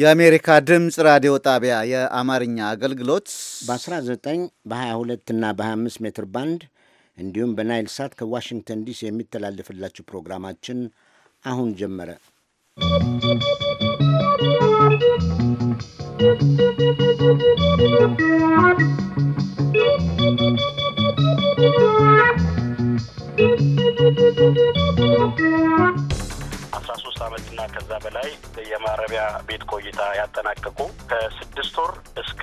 የአሜሪካ ድምፅ ራዲዮ ጣቢያ የአማርኛ አገልግሎት በ19 በ22 እና በ25 ሜትር ባንድ እንዲሁም በናይል ሳት ከዋሽንግተን ዲሲ የሚተላለፍላችሁ ፕሮግራማችን አሁን ጀመረ። ¶¶ አስራ ሶስት እና ከዛ በላይ የማረቢያ ቤት ቆይታ ያጠናቀቁ ከስድስት ወር እስከ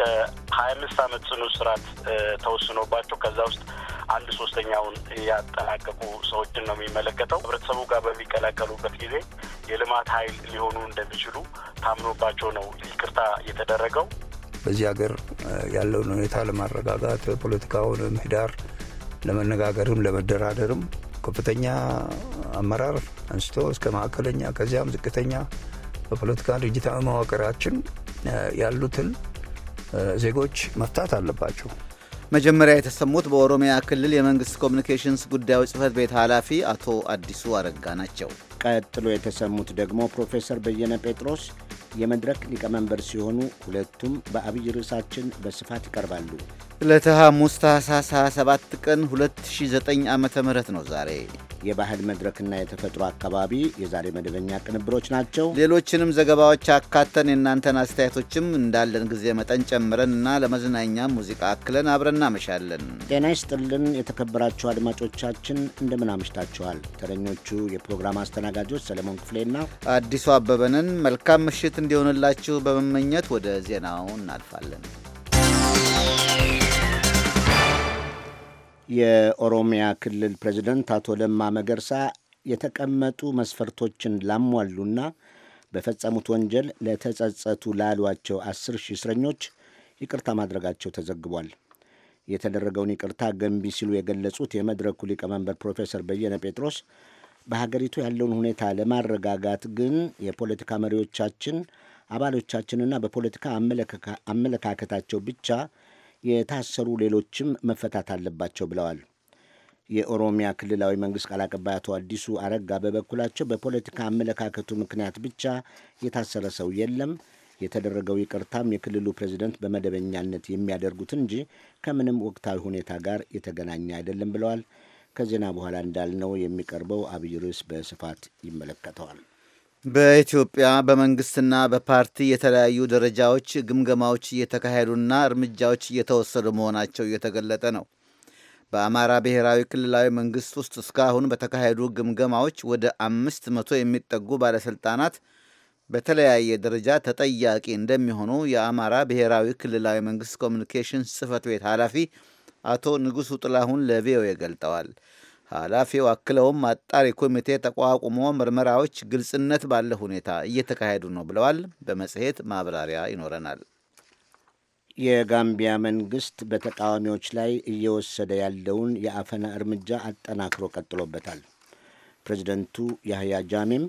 ሀያ አምስት አመት ጽኑ እስራት ተወስኖባቸው ከዛ ውስጥ አንድ ሶስተኛውን ያጠናቀቁ ሰዎችን ነው የሚመለከተው። ህብረተሰቡ ጋር በሚቀላቀሉበት ጊዜ የልማት ኃይል ሊሆኑ እንደሚችሉ ታምኖባቸው ነው ይቅርታ የተደረገው። በዚህ ሀገር ያለውን ሁኔታ ለማረጋጋት ፖለቲካውን ምህዳር ለመነጋገርም ለመደራደርም ከፍተኛ አመራር አንስቶ እስከ ማዕከለኛ ከዚያም ዝቅተኛ በፖለቲካ ድርጅታዊ መዋቅራችን ያሉትን ዜጎች መፍታት አለባቸው። መጀመሪያ የተሰሙት በኦሮሚያ ክልል የመንግስት ኮሚኒኬሽንስ ጉዳዮች ጽህፈት ቤት ኃላፊ አቶ አዲሱ አረጋ ናቸው። ቀጥሎ የተሰሙት ደግሞ ፕሮፌሰር በየነ ጴጥሮስ የመድረክ ሊቀመንበር ሲሆኑ ሁለቱም በአብይ ርዕሳችን በስፋት ይቀርባሉ። ዕለተ ሐሙስ 7 27 ቀን 2009 ዓ ም ነው ዛሬ። የባህል መድረክና የተፈጥሮ አካባቢ የዛሬ መደበኛ ቅንብሮች ናቸው። ሌሎችንም ዘገባዎች አካተን የእናንተን አስተያየቶችም እንዳለን ጊዜ መጠን ጨምረን እና ለመዝናኛ ሙዚቃ አክለን አብረን እናመሻለን። ጤና ይስጥልን የተከበራችሁ አድማጮቻችን፣ እንደምን አምሽታችኋል? ተረኞቹ የፕሮግራም አስተናጋ አስተናጋጆች ሰለሞን ክፍሌና አዲሱ አበበንን መልካም ምሽት እንዲሆንላችሁ በመመኘት ወደ ዜናው እናልፋለን። የኦሮሚያ ክልል ፕሬዚደንት አቶ ለማ መገርሳ የተቀመጡ መስፈርቶችን ላሟሉና በፈጸሙት ወንጀል ለተጸጸቱ ላሏቸው አስር ሺህ እስረኞች ይቅርታ ማድረጋቸው ተዘግቧል። የተደረገውን ይቅርታ ገንቢ ሲሉ የገለጹት የመድረኩ ሊቀመንበር ፕሮፌሰር በየነ ጴጥሮስ በሀገሪቱ ያለውን ሁኔታ ለማረጋጋት ግን የፖለቲካ መሪዎቻችን አባሎቻችንና በፖለቲካ አመለካከታቸው ብቻ የታሰሩ ሌሎችም መፈታት አለባቸው ብለዋል። የኦሮሚያ ክልላዊ መንግሥት ቃል አቀባይ አቶ አዲሱ አረጋ በበኩላቸው በፖለቲካ አመለካከቱ ምክንያት ብቻ የታሰረ ሰው የለም፣ የተደረገው ይቅርታም የክልሉ ፕሬዚደንት በመደበኛነት የሚያደርጉት እንጂ ከምንም ወቅታዊ ሁኔታ ጋር የተገናኘ አይደለም ብለዋል። ከዜና በኋላ እንዳልነው የሚቀርበው አብይ ርዕስ በስፋት ይመለከተዋል። በኢትዮጵያ በመንግስትና በፓርቲ የተለያዩ ደረጃዎች ግምገማዎች እየተካሄዱና እርምጃዎች እየተወሰዱ መሆናቸው እየተገለጠ ነው። በአማራ ብሔራዊ ክልላዊ መንግስት ውስጥ እስካሁን በተካሄዱ ግምገማዎች ወደ አምስት መቶ የሚጠጉ ባለሥልጣናት በተለያየ ደረጃ ተጠያቂ እንደሚሆኑ የአማራ ብሔራዊ ክልላዊ መንግስት ኮሚኒኬሽን ጽህፈት ቤት ኃላፊ አቶ ንጉሱ ጥላሁን ለቪኦኤ ገልጠዋል። ኃላፊው አክለውም አጣሪ ኮሚቴ ተቋቁሞ ምርመራዎች ግልጽነት ባለ ሁኔታ እየተካሄዱ ነው ብለዋል። በመጽሔት ማብራሪያ ይኖረናል። የጋምቢያ መንግስት በተቃዋሚዎች ላይ እየወሰደ ያለውን የአፈና እርምጃ አጠናክሮ ቀጥሎበታል። ፕሬዚደንቱ ያህያ ጃሜም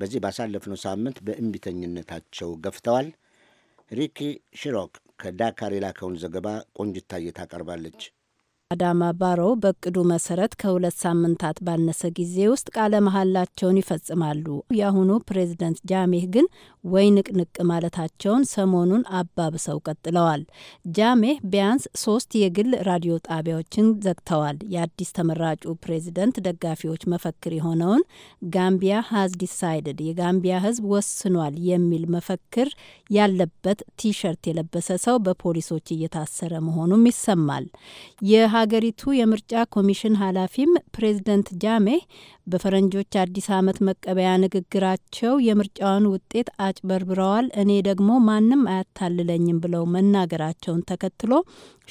በዚህ ባሳለፍነው ሳምንት በእምቢተኝነታቸው ገፍተዋል። ሪኪ ሽሮክ ከዳካር የላከውን ዘገባ ቆንጅታዬ ታቀርባለች። አዳማ ባሮ በእቅዱ መሰረት ከሁለት ሳምንታት ባነሰ ጊዜ ውስጥ ቃለ መሐላቸውን ይፈጽማሉ። የአሁኑ ፕሬዚደንት ጃሜህ ግን ወይ ንቅንቅ ማለታቸውን ሰሞኑን አባብሰው ቀጥለዋል። ጃሜህ ቢያንስ ሶስት የግል ራዲዮ ጣቢያዎችን ዘግተዋል። የአዲስ ተመራጩ ፕሬዚደንት ደጋፊዎች መፈክር የሆነውን ጋምቢያ ሀዝ ዲሳይድድ የጋምቢያ ሕዝብ ወስኗል የሚል መፈክር ያለበት ቲሸርት የለበሰ ሰው በፖሊሶች እየታሰረ መሆኑም ይሰማል። የሀገሪቱ የምርጫ ኮሚሽን ኃላፊም ፕሬዚደንት ጃሜህ በፈረንጆች አዲስ ዓመት መቀበያ ንግግራቸው የምርጫውን ውጤት አጭበርብረዋል፣ እኔ ደግሞ ማንም አያታልለኝም ብለው መናገራቸውን ተከትሎ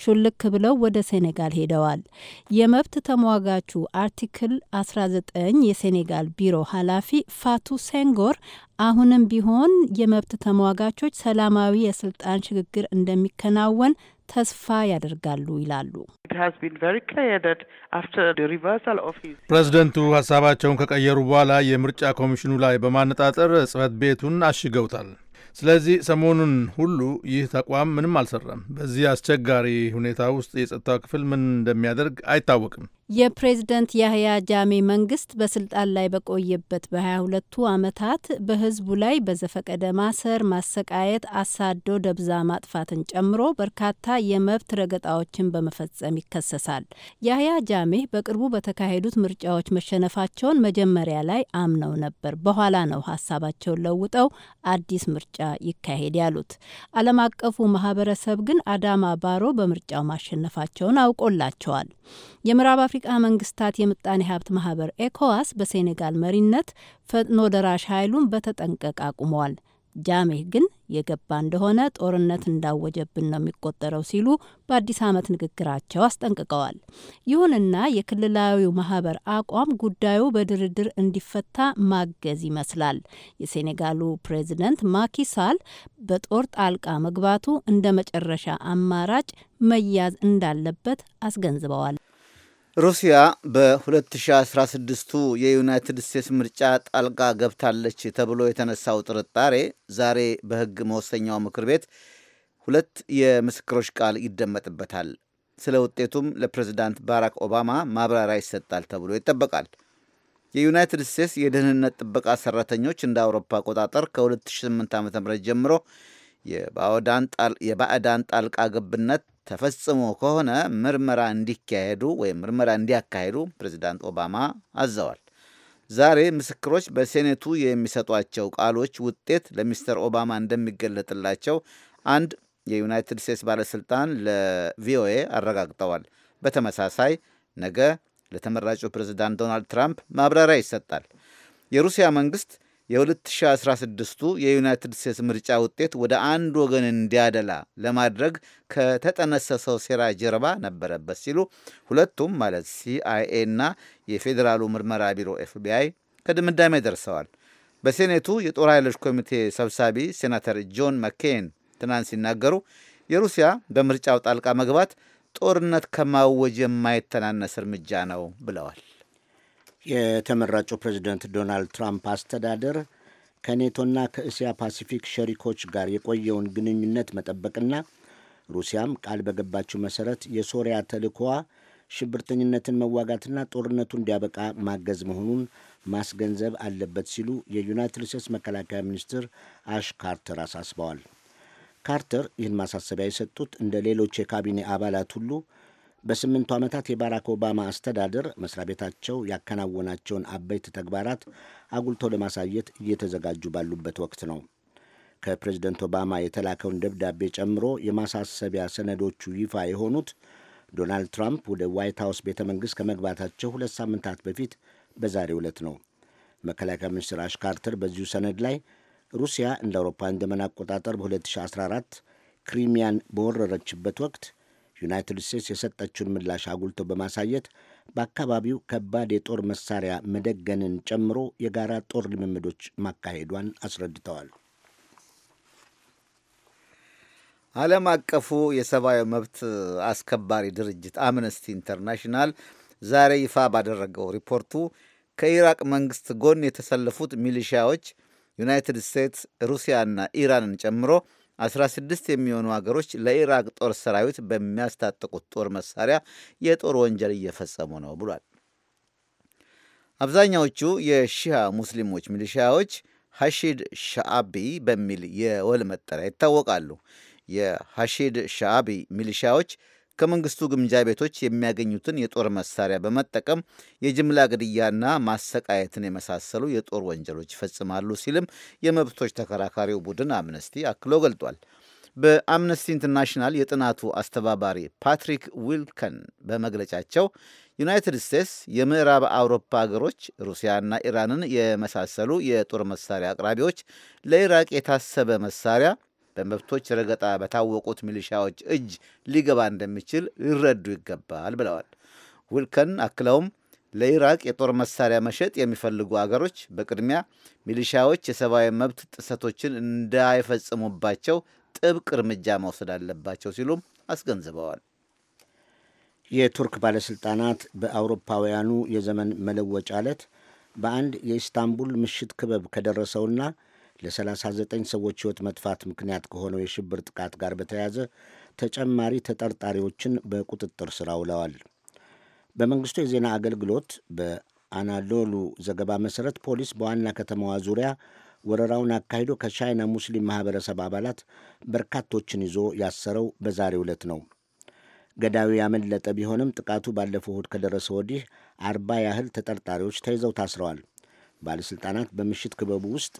ሹልክ ብለው ወደ ሴኔጋል ሄደዋል። የመብት ተሟጋቹ አርቲክል 19 የሴኔጋል ቢሮ ኃላፊ ፋቱ ሴንጎር አሁንም ቢሆን የመብት ተሟጋቾች ሰላማዊ የስልጣን ሽግግር እንደሚከናወን ተስፋ ያደርጋሉ ይላሉ። ፕሬዚደንቱ ሀሳባቸውን ከቀየሩ በኋላ የምርጫ ኮሚሽኑ ላይ በማነጣጠር ጽህፈት ቤቱን አሽገውታል። ስለዚህ ሰሞኑን ሁሉ ይህ ተቋም ምንም አልሰራም። በዚህ አስቸጋሪ ሁኔታ ውስጥ የጸጥታው ክፍል ምን እንደሚያደርግ አይታወቅም። የፕሬዝደንት ያህያ ጃሜ መንግስት በስልጣን ላይ በቆየበት በሀያ ሁለቱ አመታት በህዝቡ ላይ በዘፈቀደ ማሰር፣ ማሰቃየት፣ አሳዶ ደብዛ ማጥፋትን ጨምሮ በርካታ የመብት ረገጣዎችን በመፈጸም ይከሰሳል። ያህያ ጃሜ በቅርቡ በተካሄዱት ምርጫዎች መሸነፋቸውን መጀመሪያ ላይ አምነው ነበር። በኋላ ነው ሀሳባቸውን ለውጠው አዲስ ምርጫ ይካሄድ ያሉት። ዓለም አቀፉ ማህበረሰብ ግን አዳማ ባሮ በምርጫው ማሸነፋቸውን አውቆላቸዋል። የምዕራብ የአፍሪቃ መንግስታት የምጣኔ ሀብት ማህበር ኤኮዋስ በሴኔጋል መሪነት ፈጥኖ ደራሽ ኃይሉን በተጠንቀቅ አቁመዋል። ጃሜህ ግን የገባ እንደሆነ ጦርነት እንዳወጀብን ነው የሚቆጠረው ሲሉ በአዲስ ዓመት ንግግራቸው አስጠንቅቀዋል። ይሁንና የክልላዊው ማህበር አቋም ጉዳዩ በድርድር እንዲፈታ ማገዝ ይመስላል። የሴኔጋሉ ፕሬዚደንት ማኪሳል በጦር ጣልቃ መግባቱ እንደ መጨረሻ አማራጭ መያዝ እንዳለበት አስገንዝበዋል። ሩሲያ በ2016ቱ የዩናይትድ ስቴትስ ምርጫ ጣልቃ ገብታለች ተብሎ የተነሳው ጥርጣሬ ዛሬ በሕግ መወሰኛው ምክር ቤት ሁለት የምስክሮች ቃል ይደመጥበታል። ስለ ውጤቱም ለፕሬዚዳንት ባራክ ኦባማ ማብራሪያ ይሰጣል ተብሎ ይጠበቃል። የዩናይትድ ስቴትስ የደህንነት ጥበቃ ሰራተኞች እንደ አውሮፓ አቆጣጠር ከ2008 ዓ ም ጀምሮ የባዕዳን ጣልቃ ገብነት ተፈጽሞ ከሆነ ምርመራ እንዲካሄዱ ወይም ምርመራ እንዲያካሄዱ ፕሬዚዳንት ኦባማ አዘዋል። ዛሬ ምስክሮች በሴኔቱ የሚሰጧቸው ቃሎች ውጤት ለሚስተር ኦባማ እንደሚገለጥላቸው አንድ የዩናይትድ ስቴትስ ባለስልጣን ለቪኦኤ አረጋግጠዋል። በተመሳሳይ ነገ ለተመራጩ ፕሬዚዳንት ዶናልድ ትራምፕ ማብራሪያ ይሰጣል። የሩሲያ መንግስት የ2016ቱ የዩናይትድ ስቴትስ ምርጫ ውጤት ወደ አንድ ወገን እንዲያደላ ለማድረግ ከተጠነሰሰው ሴራ ጀርባ ነበረበት ሲሉ ሁለቱም ማለት ሲአይኤ እና የፌዴራሉ ምርመራ ቢሮ ኤፍቢአይ ከድምዳሜ ደርሰዋል። በሴኔቱ የጦር ኃይሎች ኮሚቴ ሰብሳቢ ሴናተር ጆን መኬን ትናንት ሲናገሩ የሩሲያ በምርጫው ጣልቃ መግባት ጦርነት ከማወጅ የማይተናነስ እርምጃ ነው ብለዋል። የተመራጩ ፕሬዚደንት ዶናልድ ትራምፕ አስተዳደር ከኔቶና ከእስያ ፓሲፊክ ሸሪኮች ጋር የቆየውን ግንኙነት መጠበቅና ሩሲያም ቃል በገባችው መሠረት የሶሪያ ተልእኮዋ ሽብርተኝነትን መዋጋትና ጦርነቱ እንዲያበቃ ማገዝ መሆኑን ማስገንዘብ አለበት ሲሉ የዩናይትድ ስቴትስ መከላከያ ሚኒስትር አሽ ካርተር አሳስበዋል። ካርተር ይህን ማሳሰቢያ የሰጡት እንደ ሌሎች የካቢኔ አባላት ሁሉ በስምንቱ ዓመታት የባራክ ኦባማ አስተዳደር መስሪያ ቤታቸው ያከናወናቸውን አበይት ተግባራት አጉልተው ለማሳየት እየተዘጋጁ ባሉበት ወቅት ነው። ከፕሬዝደንት ኦባማ የተላከውን ደብዳቤ ጨምሮ የማሳሰቢያ ሰነዶቹ ይፋ የሆኑት ዶናልድ ትራምፕ ወደ ዋይት ሀውስ ቤተ መንግሥት ከመግባታቸው ሁለት ሳምንታት በፊት በዛሬ ዕለት ነው። መከላከያ ሚኒስትር አሽ ካርተር በዚሁ ሰነድ ላይ ሩሲያ እንደ አውሮፓውያን ዘመን አቆጣጠር በ2014 ክሪሚያን በወረረችበት ወቅት ዩናይትድ ስቴትስ የሰጠችውን ምላሽ አጉልቶ በማሳየት በአካባቢው ከባድ የጦር መሳሪያ መደገንን ጨምሮ የጋራ ጦር ልምምዶች ማካሄዷን አስረድተዋል። ዓለም አቀፉ የሰብአዊ መብት አስከባሪ ድርጅት አምነስቲ ኢንተርናሽናል ዛሬ ይፋ ባደረገው ሪፖርቱ ከኢራቅ መንግስት ጎን የተሰለፉት ሚሊሺያዎች ዩናይትድ ስቴትስ ሩሲያና ኢራንን ጨምሮ 16 የሚሆኑ አገሮች ለኢራቅ ጦር ሰራዊት በሚያስታጥቁት ጦር መሳሪያ የጦር ወንጀል እየፈጸሙ ነው ብሏል። አብዛኛዎቹ የሺያ ሙስሊሞች ሚሊሺያዎች ሐሺድ ሻአቢ በሚል የወል መጠሪያ ይታወቃሉ። የሐሺድ ሻአቢ ሚሊሺያዎች ከመንግስቱ ግምጃ ቤቶች የሚያገኙትን የጦር መሳሪያ በመጠቀም የጅምላ ግድያና ማሰቃየትን የመሳሰሉ የጦር ወንጀሎች ይፈጽማሉ ሲልም የመብቶች ተከራካሪው ቡድን አምነስቲ አክሎ ገልጧል። በአምነስቲ ኢንተርናሽናል የጥናቱ አስተባባሪ ፓትሪክ ዊልከን በመግለጫቸው ዩናይትድ ስቴትስ የምዕራብ አውሮፓ ሀገሮች ሩሲያና ኢራንን የመሳሰሉ የጦር መሳሪያ አቅራቢዎች ለኢራቅ የታሰበ መሳሪያ በመብቶች ረገጣ በታወቁት ሚሊሻዎች እጅ ሊገባ እንደሚችል ሊረዱ ይገባል ብለዋል። ውልከን አክለውም ለኢራቅ የጦር መሳሪያ መሸጥ የሚፈልጉ አገሮች በቅድሚያ ሚሊሻዎች የሰብአዊ መብት ጥሰቶችን እንዳይፈጽሙባቸው ጥብቅ እርምጃ መውሰድ አለባቸው ሲሉም አስገንዝበዋል። የቱርክ ባለሥልጣናት በአውሮፓውያኑ የዘመን መለወጫ ዕለት በአንድ የኢስታንቡል ምሽት ክበብ ከደረሰውና ለ39 ሰዎች ሕይወት መጥፋት ምክንያት ከሆነው የሽብር ጥቃት ጋር በተያያዘ ተጨማሪ ተጠርጣሪዎችን በቁጥጥር ስራ አውለዋል። በመንግስቱ የዜና አገልግሎት በአናዶሉ ዘገባ መሠረት ፖሊስ በዋና ከተማዋ ዙሪያ ወረራውን አካሂዶ ከቻይና ሙስሊም ማህበረሰብ አባላት በርካቶችን ይዞ ያሰረው በዛሬው ዕለት ነው። ገዳዩ ያመለጠ ቢሆንም ጥቃቱ ባለፈው እሁድ ከደረሰ ወዲህ አርባ ያህል ተጠርጣሪዎች ተይዘው ታስረዋል። ባለሥልጣናት በምሽት ክበቡ ውስጥ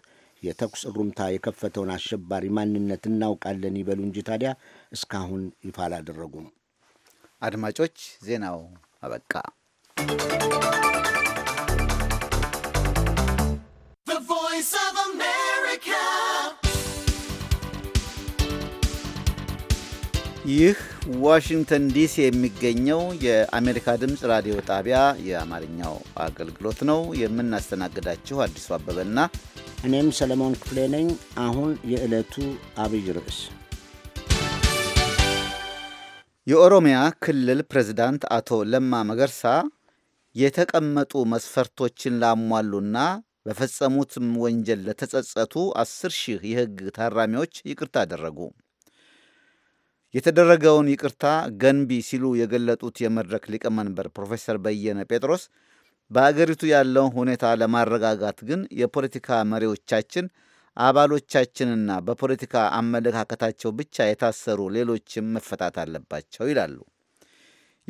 የተኩስ እሩምታ የከፈተውን አሸባሪ ማንነት እናውቃለን ይበሉ እንጂ ታዲያ እስካሁን ይፋ አላደረጉም። አድማጮች ዜናው አበቃ። ይህ ዋሽንግተን ዲሲ የሚገኘው የአሜሪካ ድምፅ ራዲዮ ጣቢያ የአማርኛው አገልግሎት ነው። የምናስተናግዳችሁ አዲሱ አበበና እኔም ሰለሞን ክፍሌ ነኝ። አሁን የዕለቱ አብይ ርዕስ የኦሮሚያ ክልል ፕሬዝዳንት አቶ ለማ መገርሳ የተቀመጡ መስፈርቶችን ላሟሉና በፈጸሙትም ወንጀል ለተጸጸቱ አስር ሺህ የሕግ ታራሚዎች ይቅርታ አደረጉ። የተደረገውን ይቅርታ ገንቢ ሲሉ የገለጡት የመድረክ ሊቀመንበር ፕሮፌሰር በየነ ጴጥሮስ በአገሪቱ ያለውን ሁኔታ ለማረጋጋት ግን የፖለቲካ መሪዎቻችን አባሎቻችንና በፖለቲካ አመለካከታቸው ብቻ የታሰሩ ሌሎችም መፈታት አለባቸው ይላሉ።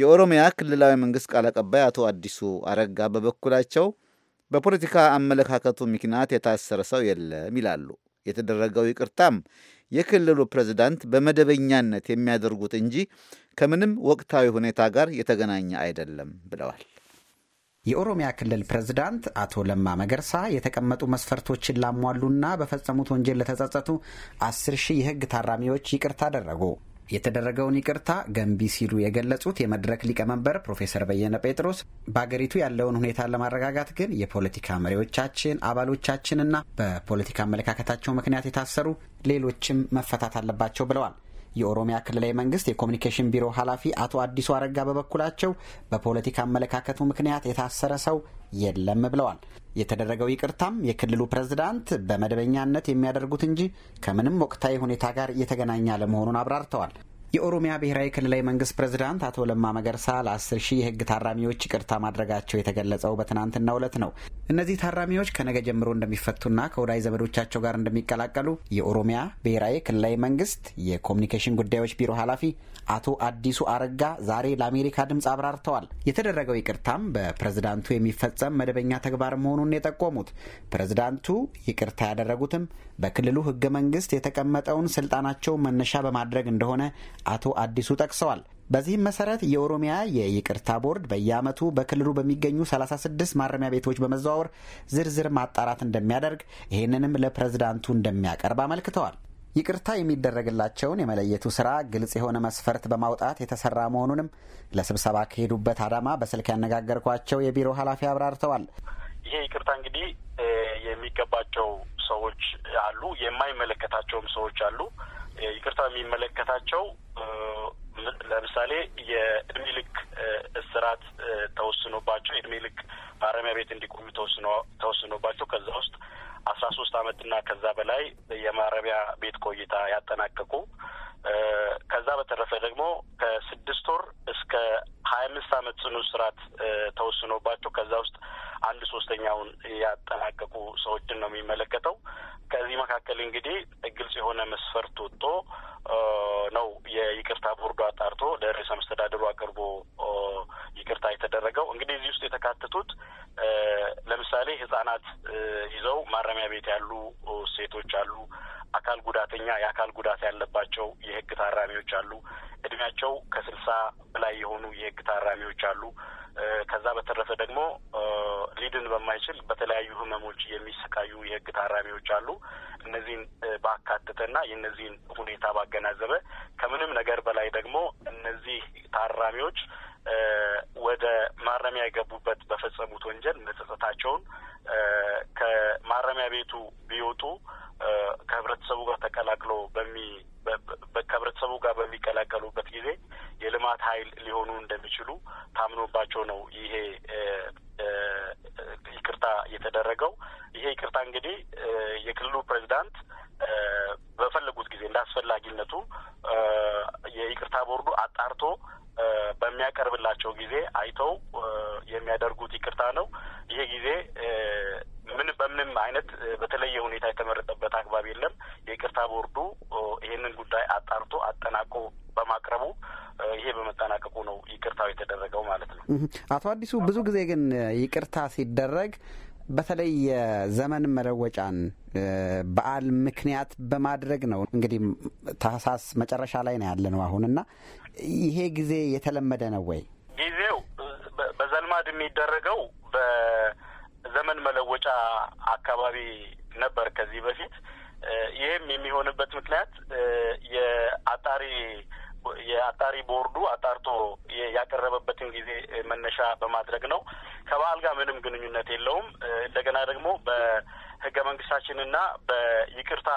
የኦሮሚያ ክልላዊ መንግሥት ቃል አቀባይ አቶ አዲሱ አረጋ በበኩላቸው በፖለቲካ አመለካከቱ ምክንያት የታሰረ ሰው የለም ይላሉ። የተደረገው ይቅርታም የክልሉ ፕሬዝዳንት በመደበኛነት የሚያደርጉት እንጂ ከምንም ወቅታዊ ሁኔታ ጋር የተገናኘ አይደለም ብለዋል። የኦሮሚያ ክልል ፕሬዝዳንት አቶ ለማ መገርሳ የተቀመጡ መስፈርቶችን ላሟሉና በፈጸሙት ወንጀል ለተጸጸቱ አስር ሺህ የህግ ታራሚዎች ይቅርታ አደረጉ። የተደረገውን ይቅርታ ገንቢ ሲሉ የገለጹት የመድረክ ሊቀመንበር ፕሮፌሰር በየነ ጴጥሮስ በአገሪቱ ያለውን ሁኔታ ለማረጋጋት ግን የፖለቲካ መሪዎቻችን፣ አባሎቻችንና በፖለቲካ አመለካከታቸው ምክንያት የታሰሩ ሌሎችም መፈታት አለባቸው ብለዋል። የኦሮሚያ ክልላዊ መንግስት የኮሚኒኬሽን ቢሮ ኃላፊ አቶ አዲሱ አረጋ በበኩላቸው በፖለቲካ አመለካከቱ ምክንያት የታሰረ ሰው የለም ብለዋል። የተደረገው ይቅርታም የክልሉ ፕሬዝዳንት በመደበኛነት የሚያደርጉት እንጂ ከምንም ወቅታዊ ሁኔታ ጋር እየተገናኘ አለመሆኑን አብራርተዋል። የኦሮሚያ ብሔራዊ ክልላዊ መንግስት ፕሬዝዳንት አቶ ለማ መገርሳ ለአስር ሺህ የህግ ታራሚዎች ይቅርታ ማድረጋቸው የተገለጸው በትናንትናው ዕለት ነው። እነዚህ ታራሚዎች ከነገ ጀምሮ እንደሚፈቱና ከወዳጅ ዘመዶቻቸው ጋር እንደሚቀላቀሉ የኦሮሚያ ብሔራዊ ክልላዊ መንግስት የኮሚኒኬሽን ጉዳዮች ቢሮ ኃላፊ አቶ አዲሱ አረጋ ዛሬ ለአሜሪካ ድምፅ አብራርተዋል። የተደረገው ይቅርታም በፕሬዝዳንቱ የሚፈጸም መደበኛ ተግባር መሆኑን የጠቆሙት ፕሬዝዳንቱ ይቅርታ ያደረጉትም በክልሉ ህገ መንግስት የተቀመጠውን ስልጣናቸው መነሻ በማድረግ እንደሆነ አቶ አዲሱ ጠቅሰዋል። በዚህም መሰረት የኦሮሚያ የይቅርታ ቦርድ በየዓመቱ በክልሉ በሚገኙ 36 ማረሚያ ቤቶች በመዘዋወር ዝርዝር ማጣራት እንደሚያደርግ ይህንንም ለፕሬዝዳንቱ እንደሚያቀርብ አመልክተዋል። ይቅርታ የሚደረግላቸውን የመለየቱ ስራ ግልጽ የሆነ መስፈርት በማውጣት የተሰራ መሆኑንም ለስብሰባ ከሄዱበት አዳማ በስልክ ያነጋገርኳቸው የቢሮ ኃላፊ አብራርተዋል። ይሄ ይቅርታ እንግዲህ የሚገባቸው ሰዎች አሉ፣ የማይመለከታቸውም ሰዎች አሉ። ይቅርታ የሚመለከታቸው ለምሳሌ የእድሜ ልክ እስራት ተወስኖባቸው የእድሜ ልክ ማረሚያ ቤት እንዲቆዩ ተወስኖባቸው ከዛ ውስጥ አስራ ሶስት አመትና ከዛ በላይ የማረሚያ ቤት ቆይታ ያጠናቀቁ ከዛ በተረፈ ደግሞ ከስድስት ወር እስከ ሀያ አምስት አመት ጽኑ እስራት ተወስኖባቸው ከዛ ውስጥ አንድ ሶስተኛውን ያጠናቀቁ ሰዎችን ነው የሚመለከተው። ከዚህ መካከል እንግዲህ ግልጽ የሆነ መስፈርት ወጥቶ ነው የይቅርታ ቦርዱ አጣርቶ ለርዕሰ መስተዳድሩ አቅርቦ ይቅርታ የተደረገው። እንግዲህ እዚህ ውስጥ የተካተቱት ለምሳሌ ህጻናት ይዘው ማረሚያ ቤት ያሉ ሴቶች አሉ። አካል ጉዳተኛ፣ የአካል ጉዳት ያለባቸው የህግ ታራሚዎች አሉ። እድሜያቸው ከስልሳ በላይ የሆኑ የህግ ታራሚዎች አሉ። ከዛ በተረፈ ደግሞ ሊድን በማይችል በተለያዩ ህመሞች የሚሰቃዩ የህግ ታራሚዎች አሉ። እነዚህን ባካተተና የእነዚህን ሁኔታ ባገናዘበ ከምንም ነገር በላይ ደግሞ እነዚህ ታራሚዎች ወደ ማረሚያ የገቡበት በፈጸሙት ወንጀል መጸጸታቸውን ከማረሚያ ቤቱ ቢወጡ ከህብረተሰቡ ጋር ተቀላቅሎ በሚ ከህብረተሰቡ ጋር በሚቀላቀሉበት ጊዜ የልማት ኃይል ሊሆኑ እንደሚችሉ ታምኖባቸው ነው ይሄ ይቅርታ የተደረገው። ይሄ ይቅርታ እንግዲህ የክልሉ ፕሬዚዳንት በፈለጉት ጊዜ እንደ አስፈላጊነቱ የይቅርታ ቦርዱ አጣርቶ በሚያቀርብላቸው ጊዜ አይተው የሚያደርጉት ይቅርታ ነው። ይሄ ጊዜ አይነት በተለየ ሁኔታ የተመረጠበት አግባብ የለም። የይቅርታ ቦርዱ ይህንን ጉዳይ አጣርቶ አጠናቆ በማቅረቡ ይሄ በመጠናቀቁ ነው ይቅርታው የተደረገው ማለት ነው። አቶ አዲሱ ብዙ ጊዜ ግን ይቅርታ ሲደረግ በተለይ የዘመን መለወጫን በዓል ምክንያት በማድረግ ነው። እንግዲህ ታህሳስ መጨረሻ ላይ ነው ያለ ነው አሁን እና ይሄ ጊዜ የተለመደ ነው ወይ? ጊዜው በዘልማድ የሚደረገው ዘመን መለወጫ አካባቢ ነበር ከዚህ በፊት። ይህም የሚሆንበት ምክንያት የአጣሪ የአጣሪ ቦርዱ አጣርቶ ያቀረበበትን ጊዜ መነሻ በማድረግ ነው። ከበዓል ጋር ምንም ግንኙነት የለውም። እንደገና ደግሞ በህገ መንግስታችንና በይቅርታ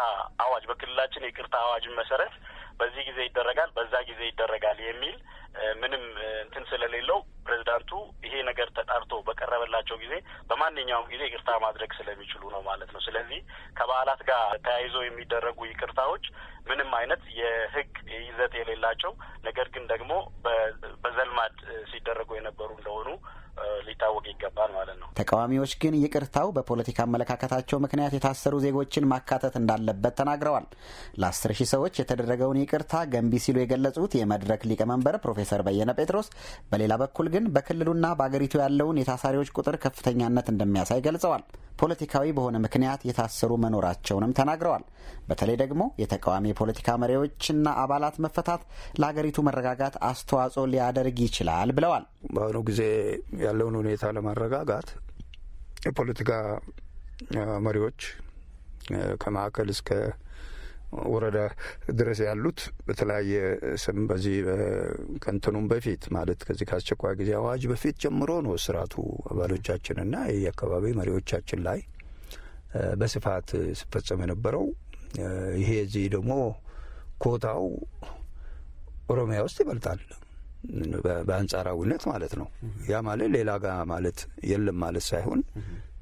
አዋጅ በክልላችን የይቅርታ አዋጅን መሰረት በዚህ ጊዜ ይደረጋል፣ በዛ ጊዜ ይደረጋል የሚል ምንም እንትን ስለሌለው ፕሬዚዳንቱ ይሄ ነገር ተጣርቶ በቀረበላቸው ጊዜ በማንኛውም ጊዜ ይቅርታ ማድረግ ስለሚችሉ ነው ማለት ነው። ስለዚህ ከበዓላት ጋር ተያይዘው የሚደረጉ ይቅርታዎች ምንም አይነት የሕግ ይዘት የሌላቸው ነገር ግን ደግሞ በዘልማድ ሲደረጉ የነበሩ እንደሆኑ ሊታወቅ ይገባል ማለት ነው። ተቃዋሚዎች ግን ይቅርታው በፖለቲካ አመለካከታቸው ምክንያት የታሰሩ ዜጎችን ማካተት እንዳለበት ተናግረዋል። ለአስር ሺህ ሰዎች የተደረገውን ይቅርታ ገንቢ ሲሉ የገለጹት የመድረክ ሊቀመንበር ፕሮፌሰር በየነ ጴጥሮስ በሌላ በኩል ግን በክልሉና በአገሪቱ ያለውን የታሳሪዎች ቁጥር ከፍተኛነት እንደሚያሳይ ገልጸዋል። ፖለቲካዊ በሆነ ምክንያት የታሰሩ መኖራቸውንም ተናግረዋል። በተለይ ደግሞ የተቃዋሚ የፖለቲካ መሪዎችና አባላት መፈታት ለአገሪቱ መረጋጋት አስተዋጽኦ ሊያደርግ ይችላል ብለዋል። በአሁኑ ጊዜ ያለውን ሁኔታ ለማረጋጋት የፖለቲካ መሪዎች ከማዕከል እስከ ወረዳ ድረስ ያሉት በተለያየ ስም በዚህ ከንትኑም በፊት ማለት ከዚህ ከአስቸኳይ ጊዜ አዋጅ በፊት ጀምሮ ነው ስርዓቱ አባሎቻችንና የአካባቢ መሪዎቻችን ላይ በስፋት ሲፈጸም የነበረው። ይሄ እዚህ ደግሞ ኮታው ኦሮሚያ ውስጥ ይበልጣል። በአንጻራዊነት ማለት ነው። ያ ማለት ሌላ ጋ ማለት የለም ማለት ሳይሆን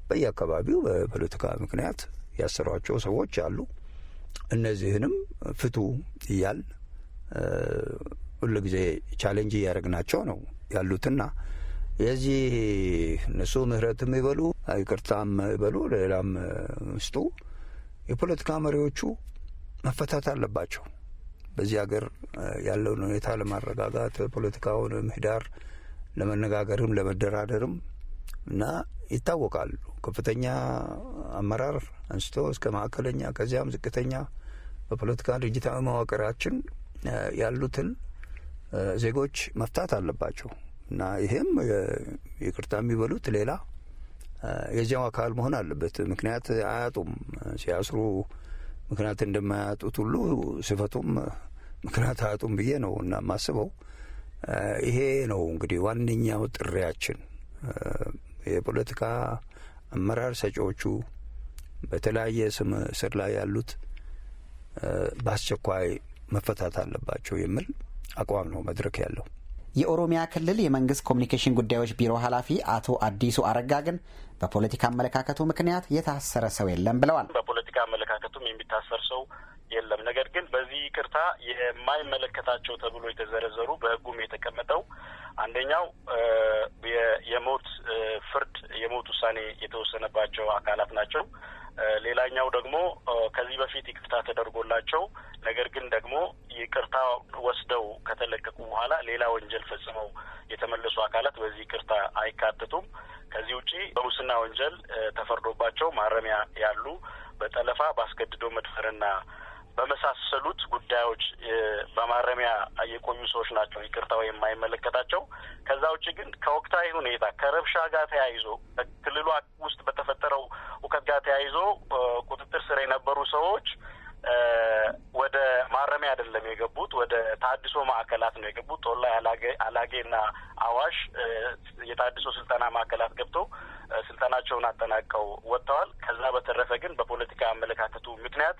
በየአካባቢው በፖለቲካ ምክንያት ያሰሯቸው ሰዎች አሉ። እነዚህንም ፍቱ እያል ሁሉ ጊዜ ቻሌንጅ እያደረግናቸው ነው ያሉትና የዚህ እነሱ ምህረትም ይበሉ ይቅርታም ይበሉ ሌላም ስጡ፣ የፖለቲካ መሪዎቹ መፈታት አለባቸው። በዚህ ሀገር ያለውን ሁኔታ ለማረጋጋት ፖለቲካውን ምህዳር ለመነጋገርም ለመደራደርም እና ይታወቃሉ። ከፍተኛ አመራር አንስቶ እስከ ማዕከለኛ ከዚያም ዝቅተኛ በፖለቲካ ድርጅታዊ መዋቅራችን ያሉትን ዜጎች መፍታት አለባቸው እና ይሄም ይቅርታ የሚበሉት ሌላ የዚያው አካል መሆን አለበት። ምክንያት አያጡም ሲያስሩ ምክንያት እንደማያጡት ሁሉ ስፈቱም ምክንያት አያጡም ብዬ ነው እና ማስበው ይሄ ነው እንግዲህ ዋነኛው ጥሪያችን። የፖለቲካ አመራር ሰጪዎቹ በተለያየ ስም ስር ላይ ያሉት በአስቸኳይ መፈታት አለባቸው የሚል አቋም ነው መድረክ ያለው። የኦሮሚያ ክልል የመንግስት ኮሚኒኬሽን ጉዳዮች ቢሮ ኃላፊ አቶ አዲሱ አረጋ ግን በፖለቲካ አመለካከቱ ምክንያት የታሰረ ሰው የለም ብለዋል። አመለካከቱም የሚታሰር ሰው የለም። ነገር ግን በዚህ ይቅርታ የማይመለከታቸው ተብሎ የተዘረዘሩ በህጉም የተቀመጠው አንደኛው የሞት ፍርድ የሞት ውሳኔ የተወሰነባቸው አካላት ናቸው። ሌላኛው ደግሞ ከዚህ በፊት ይቅርታ ተደርጎላቸው ነገር ግን ደግሞ ይቅርታ ወስደው ከተለቀቁ በኋላ ሌላ ወንጀል ፈጽመው የተመለሱ አካላት በዚህ ይቅርታ አይካተቱም። ከዚህ ውጪ በሙስና ወንጀል ተፈርዶባቸው ማረሚያ ያሉ በጠለፋ በአስገድዶ መድፈርና በመሳሰሉት ጉዳዮች በማረሚያ የቆዩ ሰዎች ናቸው ይቅርታው የማይመለከታቸው። ከዛ ውጭ ግን ከወቅታዊ ሁኔታ ከረብሻ ጋር ተያይዞ ክልሉ ውስጥ በተፈጠረው ሁከት ጋር ተያይዞ ቁጥጥር ስር የነበሩ ሰዎች ወደ ማረሚያ አይደለም የገቡት፣ ወደ ታድሶ ማዕከላት ነው የገቡት። ጦላይ አላጌ እና አዋሽ የታድሶ ስልጠና ማዕከላት ገብተው ስልጠናቸውን አጠናቀው ወጥተዋል። ከዛ በተረፈ ግን በፖለቲካ አመለካከቱ ምክንያት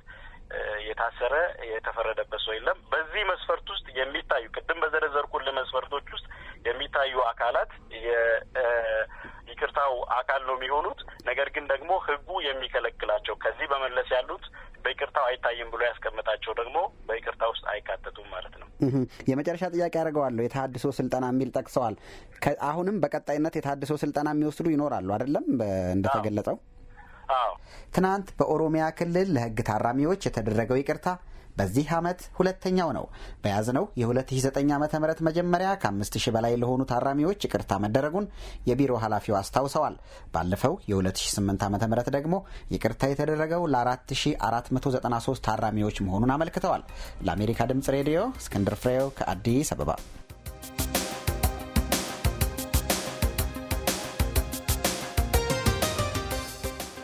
የታሰረ የተፈረደበት ሰው የለም። በዚህ መስፈርት ውስጥ የሚታዩ ቅድም በዘረዘርኩልህ መስፈርቶች ውስጥ የሚታዩ አካላት የይቅርታው አካል ነው የሚሆኑት። ነገር ግን ደግሞ ህጉ የሚከለክላቸው ከዚህ በመለስ ያሉት በይቅርታው አይታይም ብሎ ያስቀመጣቸው ደግሞ በይቅርታ ውስጥ አይካተቱም ማለት ነው። የመጨረሻ ጥያቄ አድርገዋለሁ። የተሀድሶ ስልጠና የሚል ጠቅሰዋል። አሁንም በቀጣይነት የተሀድሶ ስልጠና የሚወስዱ ይኖራሉ አይደለም? እንደተገለጸው። ትናንት በኦሮሚያ ክልል ለህግ ታራሚዎች የተደረገው ይቅርታ በዚህ ዓመት ሁለተኛው ነው። በያዝነው የ2009 ዓ ም መጀመሪያ ከ5000 በላይ ለሆኑ ታራሚዎች ይቅርታ መደረጉን የቢሮ ኃላፊው አስታውሰዋል። ባለፈው የ2008 ዓ ም ደግሞ ይቅርታ የተደረገው ለ4493 ታራሚዎች መሆኑን አመልክተዋል። ለአሜሪካ ድምፅ ሬዲዮ እስክንድር ፍሬው ከአዲስ አበባ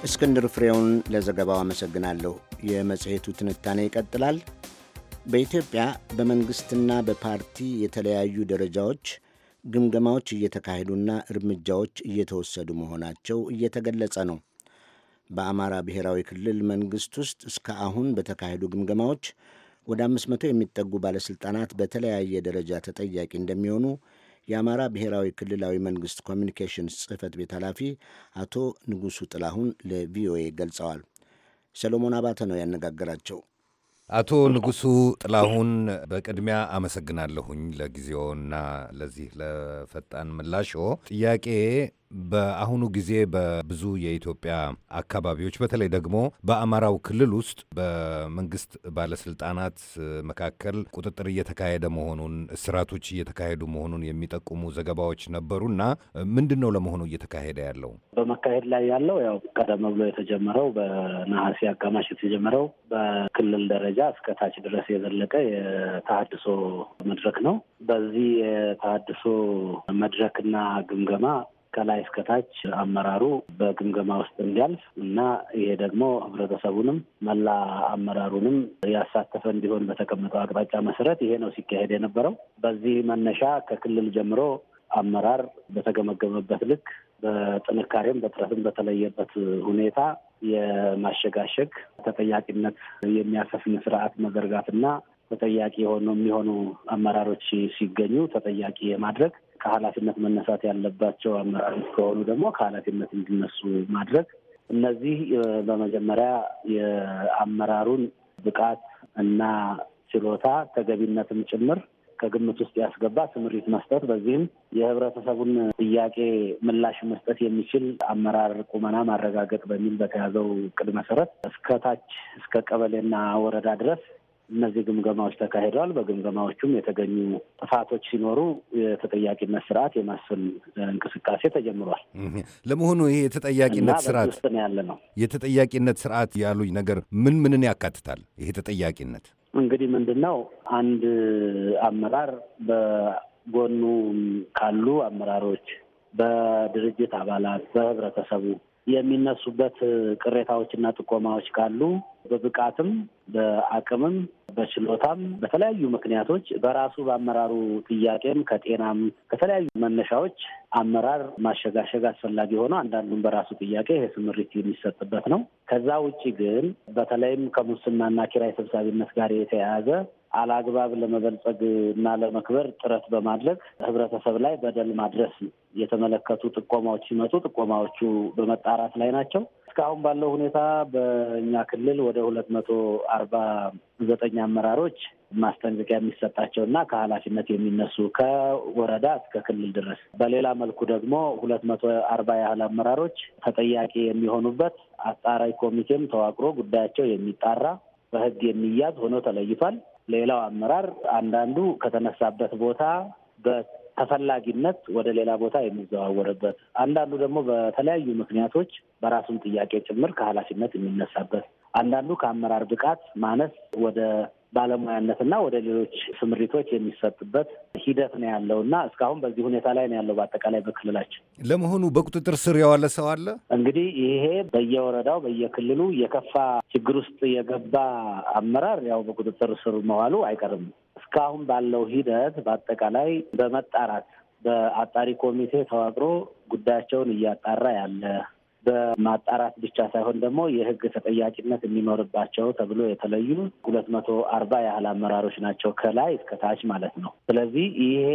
እስክንድር ፍሬውን ለዘገባው አመሰግናለሁ። የመጽሔቱ ትንታኔ ይቀጥላል። በኢትዮጵያ በመንግሥትና በፓርቲ የተለያዩ ደረጃዎች ግምገማዎች እየተካሄዱና እርምጃዎች እየተወሰዱ መሆናቸው እየተገለጸ ነው። በአማራ ብሔራዊ ክልል መንግሥት ውስጥ እስከ አሁን በተካሄዱ ግምገማዎች ወደ አምስት መቶ የሚጠጉ ባለሥልጣናት በተለያየ ደረጃ ተጠያቂ እንደሚሆኑ የአማራ ብሔራዊ ክልላዊ መንግስት ኮሚኒኬሽንስ ጽህፈት ቤት ኃላፊ አቶ ንጉሱ ጥላሁን ለቪኦኤ ገልጸዋል። ሰሎሞን አባተ ነው ያነጋገራቸው። አቶ ንጉሱ ጥላሁን በቅድሚያ አመሰግናለሁኝ ለጊዜውና ለዚህ ለፈጣን ምላሾ። ጥያቄ በአሁኑ ጊዜ በብዙ የኢትዮጵያ አካባቢዎች በተለይ ደግሞ በአማራው ክልል ውስጥ በመንግስት ባለስልጣናት መካከል ቁጥጥር እየተካሄደ መሆኑን፣ እስራቶች እየተካሄዱ መሆኑን የሚጠቁሙ ዘገባዎች ነበሩና ምንድን ነው ለመሆኑ እየተካሄደ ያለው? በመካሄድ ላይ ያለው ያው ቀደም ብሎ የተጀመረው በነሐሴ አጋማሽ የተጀመረው በክልል ደረጃ እስከ ታች ድረስ የዘለቀ የተሃድሶ መድረክ ነው። በዚህ የተሃድሶ መድረክና ግምገማ ከላይ እስከታች አመራሩ በግምገማ ውስጥ እንዲያልፍ እና ይሄ ደግሞ ህብረተሰቡንም መላ አመራሩንም ያሳተፈ እንዲሆን በተቀመጠው አቅጣጫ መሰረት ይሄ ነው ሲካሄድ የነበረው። በዚህ መነሻ ከክልል ጀምሮ አመራር በተገመገመበት ልክ በጥንካሬም በጥረትም በተለየበት ሁኔታ የማሸጋሸግ ተጠያቂነት የሚያሰፍን ስርዓት መዘርጋትና ተጠያቂ የሆኑ የሚሆኑ አመራሮች ሲገኙ ተጠያቂ የማድረግ ከኃላፊነት መነሳት ያለባቸው አመራሮች ከሆኑ ደግሞ ከኃላፊነት እንዲነሱ ማድረግ እነዚህ በመጀመሪያ የአመራሩን ብቃት እና ችሎታ ተገቢነትም ጭምር ከግምት ውስጥ ያስገባ ስምሪት መስጠት፣ በዚህም የህብረተሰቡን ጥያቄ ምላሽ መስጠት የሚችል አመራር ቁመና ማረጋገጥ በሚል በተያዘው እቅድ መሰረት እስከታች እስከ ቀበሌና ወረዳ ድረስ እነዚህ ግምገማዎች ተካሂደዋል። በግምገማዎቹም የተገኙ ጥፋቶች ሲኖሩ የተጠያቂነት ስርዓት የማስፈን እንቅስቃሴ ተጀምሯል። ለመሆኑ ይሄ የተጠያቂነት ስርዓት ውስጥ ያለ ነው። የተጠያቂነት ስርዓት ያሉኝ ነገር ምን ምንን ያካትታል? ይሄ ተጠያቂነት እንግዲህ ምንድን ነው? አንድ አመራር በጎኑ ካሉ አመራሮች፣ በድርጅት አባላት፣ በህብረተሰቡ የሚነሱበት ቅሬታዎችና ጥቆማዎች ካሉ በብቃትም በአቅምም በችሎታም በተለያዩ ምክንያቶች በራሱ በአመራሩ ጥያቄም ከጤናም ከተለያዩ መነሻዎች አመራር ማሸጋሸግ አስፈላጊ ሆኖ አንዳንዱም በራሱ ጥያቄ ይሄ ስምሪት የሚሰጥበት ነው። ከዛ ውጭ ግን በተለይም ከሙስናና ኪራይ ሰብሳቢነት ጋር የተያያዘ አላግባብ ለመበልጸግ እና ለመክበር ጥረት በማድረግ ህብረተሰብ ላይ በደል ማድረስ ነው። የተመለከቱ ጥቆማዎች ሲመጡ ጥቆማዎቹ በመጣራት ላይ ናቸው። እስካሁን ባለው ሁኔታ በእኛ ክልል ወደ ሁለት መቶ አርባ ዘጠኝ አመራሮች ማስጠንቀቂያ የሚሰጣቸው እና ከኃላፊነት የሚነሱ ከወረዳ እስከ ክልል ድረስ። በሌላ መልኩ ደግሞ ሁለት መቶ አርባ ያህል አመራሮች ተጠያቂ የሚሆኑበት አጣራይ ኮሚቴም ተዋቅሮ ጉዳያቸው የሚጣራ በህግ የሚያዝ ሆኖ ተለይቷል። ሌላው አመራር አንዳንዱ ከተነሳበት ቦታ በተፈላጊነት ወደ ሌላ ቦታ የሚዘዋወርበት፣ አንዳንዱ ደግሞ በተለያዩ ምክንያቶች በራሱን ጥያቄ ጭምር ከኃላፊነት የሚነሳበት አንዳንዱ ከአመራር ብቃት ማነስ ወደ ባለሙያነትና ወደ ሌሎች ስምሪቶች የሚሰጥበት ሂደት ነው ያለው እና እስካሁን በዚህ ሁኔታ ላይ ነው ያለው። በአጠቃላይ በክልላችን ለመሆኑ በቁጥጥር ስር የዋለ ሰው አለ? እንግዲህ ይሄ በየወረዳው በየክልሉ የከፋ ችግር ውስጥ የገባ አመራር ያው በቁጥጥር ስር መዋሉ አይቀርም። እስካሁን ባለው ሂደት በአጠቃላይ በመጣራት በአጣሪ ኮሚቴ ተዋቅሮ ጉዳያቸውን እያጣራ ያለ በማጣራት ብቻ ሳይሆን ደግሞ የህግ ተጠያቂነት የሚኖርባቸው ተብሎ የተለዩ ሁለት መቶ አርባ ያህል አመራሮች ናቸው ከላይ እስከ ታች ማለት ነው። ስለዚህ ይሄ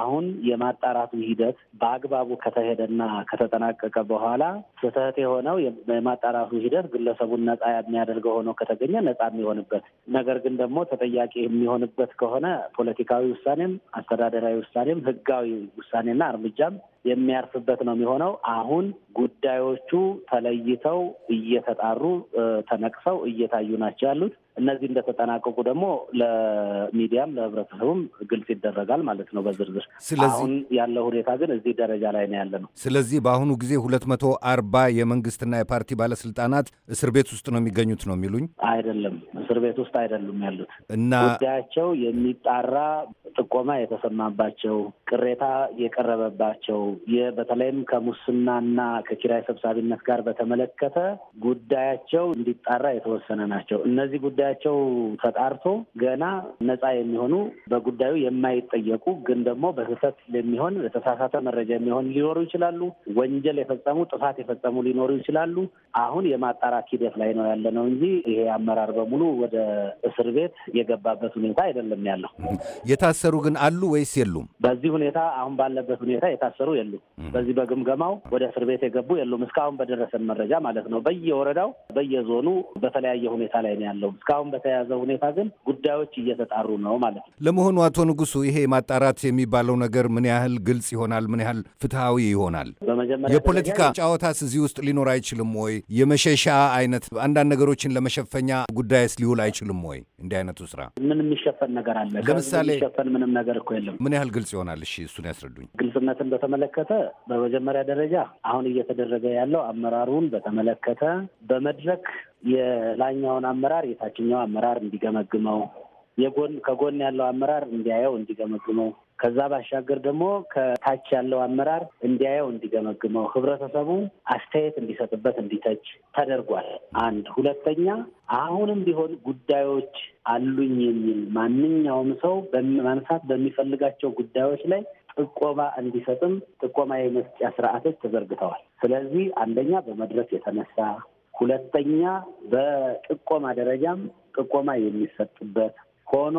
አሁን የማጣራቱ ሂደት በአግባቡ ከተሄደና ከተጠናቀቀ በኋላ ስህተት የሆነው የማጣራቱ ሂደት ግለሰቡን ነጻ የሚያደርገው ሆኖ ከተገኘ ነጻ የሚሆንበት ነገር ግን ደግሞ ተጠያቂ የሚሆንበት ከሆነ ፖለቲካዊ ውሳኔም፣ አስተዳደራዊ ውሳኔም፣ ህጋዊ ውሳኔና እርምጃም የሚያርፍበት ነው የሚሆነው። አሁን ጉዳዮቹ ተለይተው እየተጣሩ ተነቅሰው እየታዩ ናቸው ያሉት። እነዚህ እንደተጠናቀቁ ደግሞ ለሚዲያም ለህብረተሰቡም ግልጽ ይደረጋል ማለት ነው በዝርዝር። አሁን ያለው ሁኔታ ግን እዚህ ደረጃ ላይ ነው ያለ ነው። ስለዚህ በአሁኑ ጊዜ ሁለት መቶ አርባ የመንግስትና የፓርቲ ባለስልጣናት እስር ቤት ውስጥ ነው የሚገኙት ነው የሚሉኝ? አይደለም፣ እስር ቤት ውስጥ አይደሉም ያሉት እና ጉዳያቸው የሚጣራ ጥቆማ የተሰማባቸው ቅሬታ የቀረበባቸው በተለይም ከሙስናና ከኪራይ ሰብሳቢነት ጋር በተመለከተ ጉዳያቸው እንዲጣራ የተወሰነ ናቸው እነዚህ ጉዳይ ጉዳያቸው ተጣርቶ ገና ነጻ የሚሆኑ በጉዳዩ የማይጠየቁ ግን ደግሞ በስህተት የሚሆን የተሳሳተ መረጃ የሚሆን ሊኖሩ ይችላሉ። ወንጀል የፈጸሙ ጥፋት የፈጸሙ ሊኖሩ ይችላሉ። አሁን የማጣራት ሂደት ላይ ነው ያለ ነው እንጂ ይሄ አመራር በሙሉ ወደ እስር ቤት የገባበት ሁኔታ አይደለም ያለው። የታሰሩ ግን አሉ ወይስ የሉም? በዚህ ሁኔታ አሁን ባለበት ሁኔታ የታሰሩ የሉም። በዚህ በግምገማው ወደ እስር ቤት የገቡ የሉም። እስካሁን በደረሰን መረጃ ማለት ነው። በየወረዳው በየዞኑ በተለያየ ሁኔታ ላይ ነው ያለው እስካሁን እስካሁን በተያዘ ሁኔታ ግን ጉዳዮች እየተጣሩ ነው ማለት ነው። ለመሆኑ አቶ ንጉሱ ይሄ ማጣራት የሚባለው ነገር ምን ያህል ግልጽ ይሆናል? ምን ያህል ፍትሐዊ ይሆናል? በመጀመሪያ የፖለቲካ ጨዋታስ እዚህ ውስጥ ሊኖር አይችልም ወይ? የመሸሻ አይነት አንዳንድ ነገሮችን ለመሸፈኛ ጉዳይስ ሊውል አይችልም ወይ? እንዲህ አይነቱ ስራ ምን የሚሸፈን ነገር አለ? ለምሳሌ የሚሸፈን ምንም ነገር እኮ የለም። ምን ያህል ግልጽ ይሆናል? እሺ እሱን ያስረዱኝ። ግልጽነትን በተመለከተ በመጀመሪያ ደረጃ አሁን እየተደረገ ያለው አመራሩን በተመለከተ በመድረክ የላኛውን አመራር የታችኛው አመራር እንዲገመግመው፣ የጎን ከጎን ያለው አመራር እንዲያየው እንዲገመግመው፣ ከዛ ባሻገር ደግሞ ከታች ያለው አመራር እንዲያየው እንዲገመግመው፣ ህብረተሰቡ አስተያየት እንዲሰጥበት እንዲተች ተደርጓል። አንድ ሁለተኛ፣ አሁንም ቢሆን ጉዳዮች አሉኝ የሚል ማንኛውም ሰው ማንሳት በሚፈልጋቸው ጉዳዮች ላይ ጥቆማ እንዲሰጥም ጥቆማ የመስጫ ስርዓቶች ተዘርግተዋል። ስለዚህ አንደኛ በመድረክ የተነሳ ሁለተኛ በጥቆማ ደረጃም ጥቆማ የሚሰጥበት ሆኖ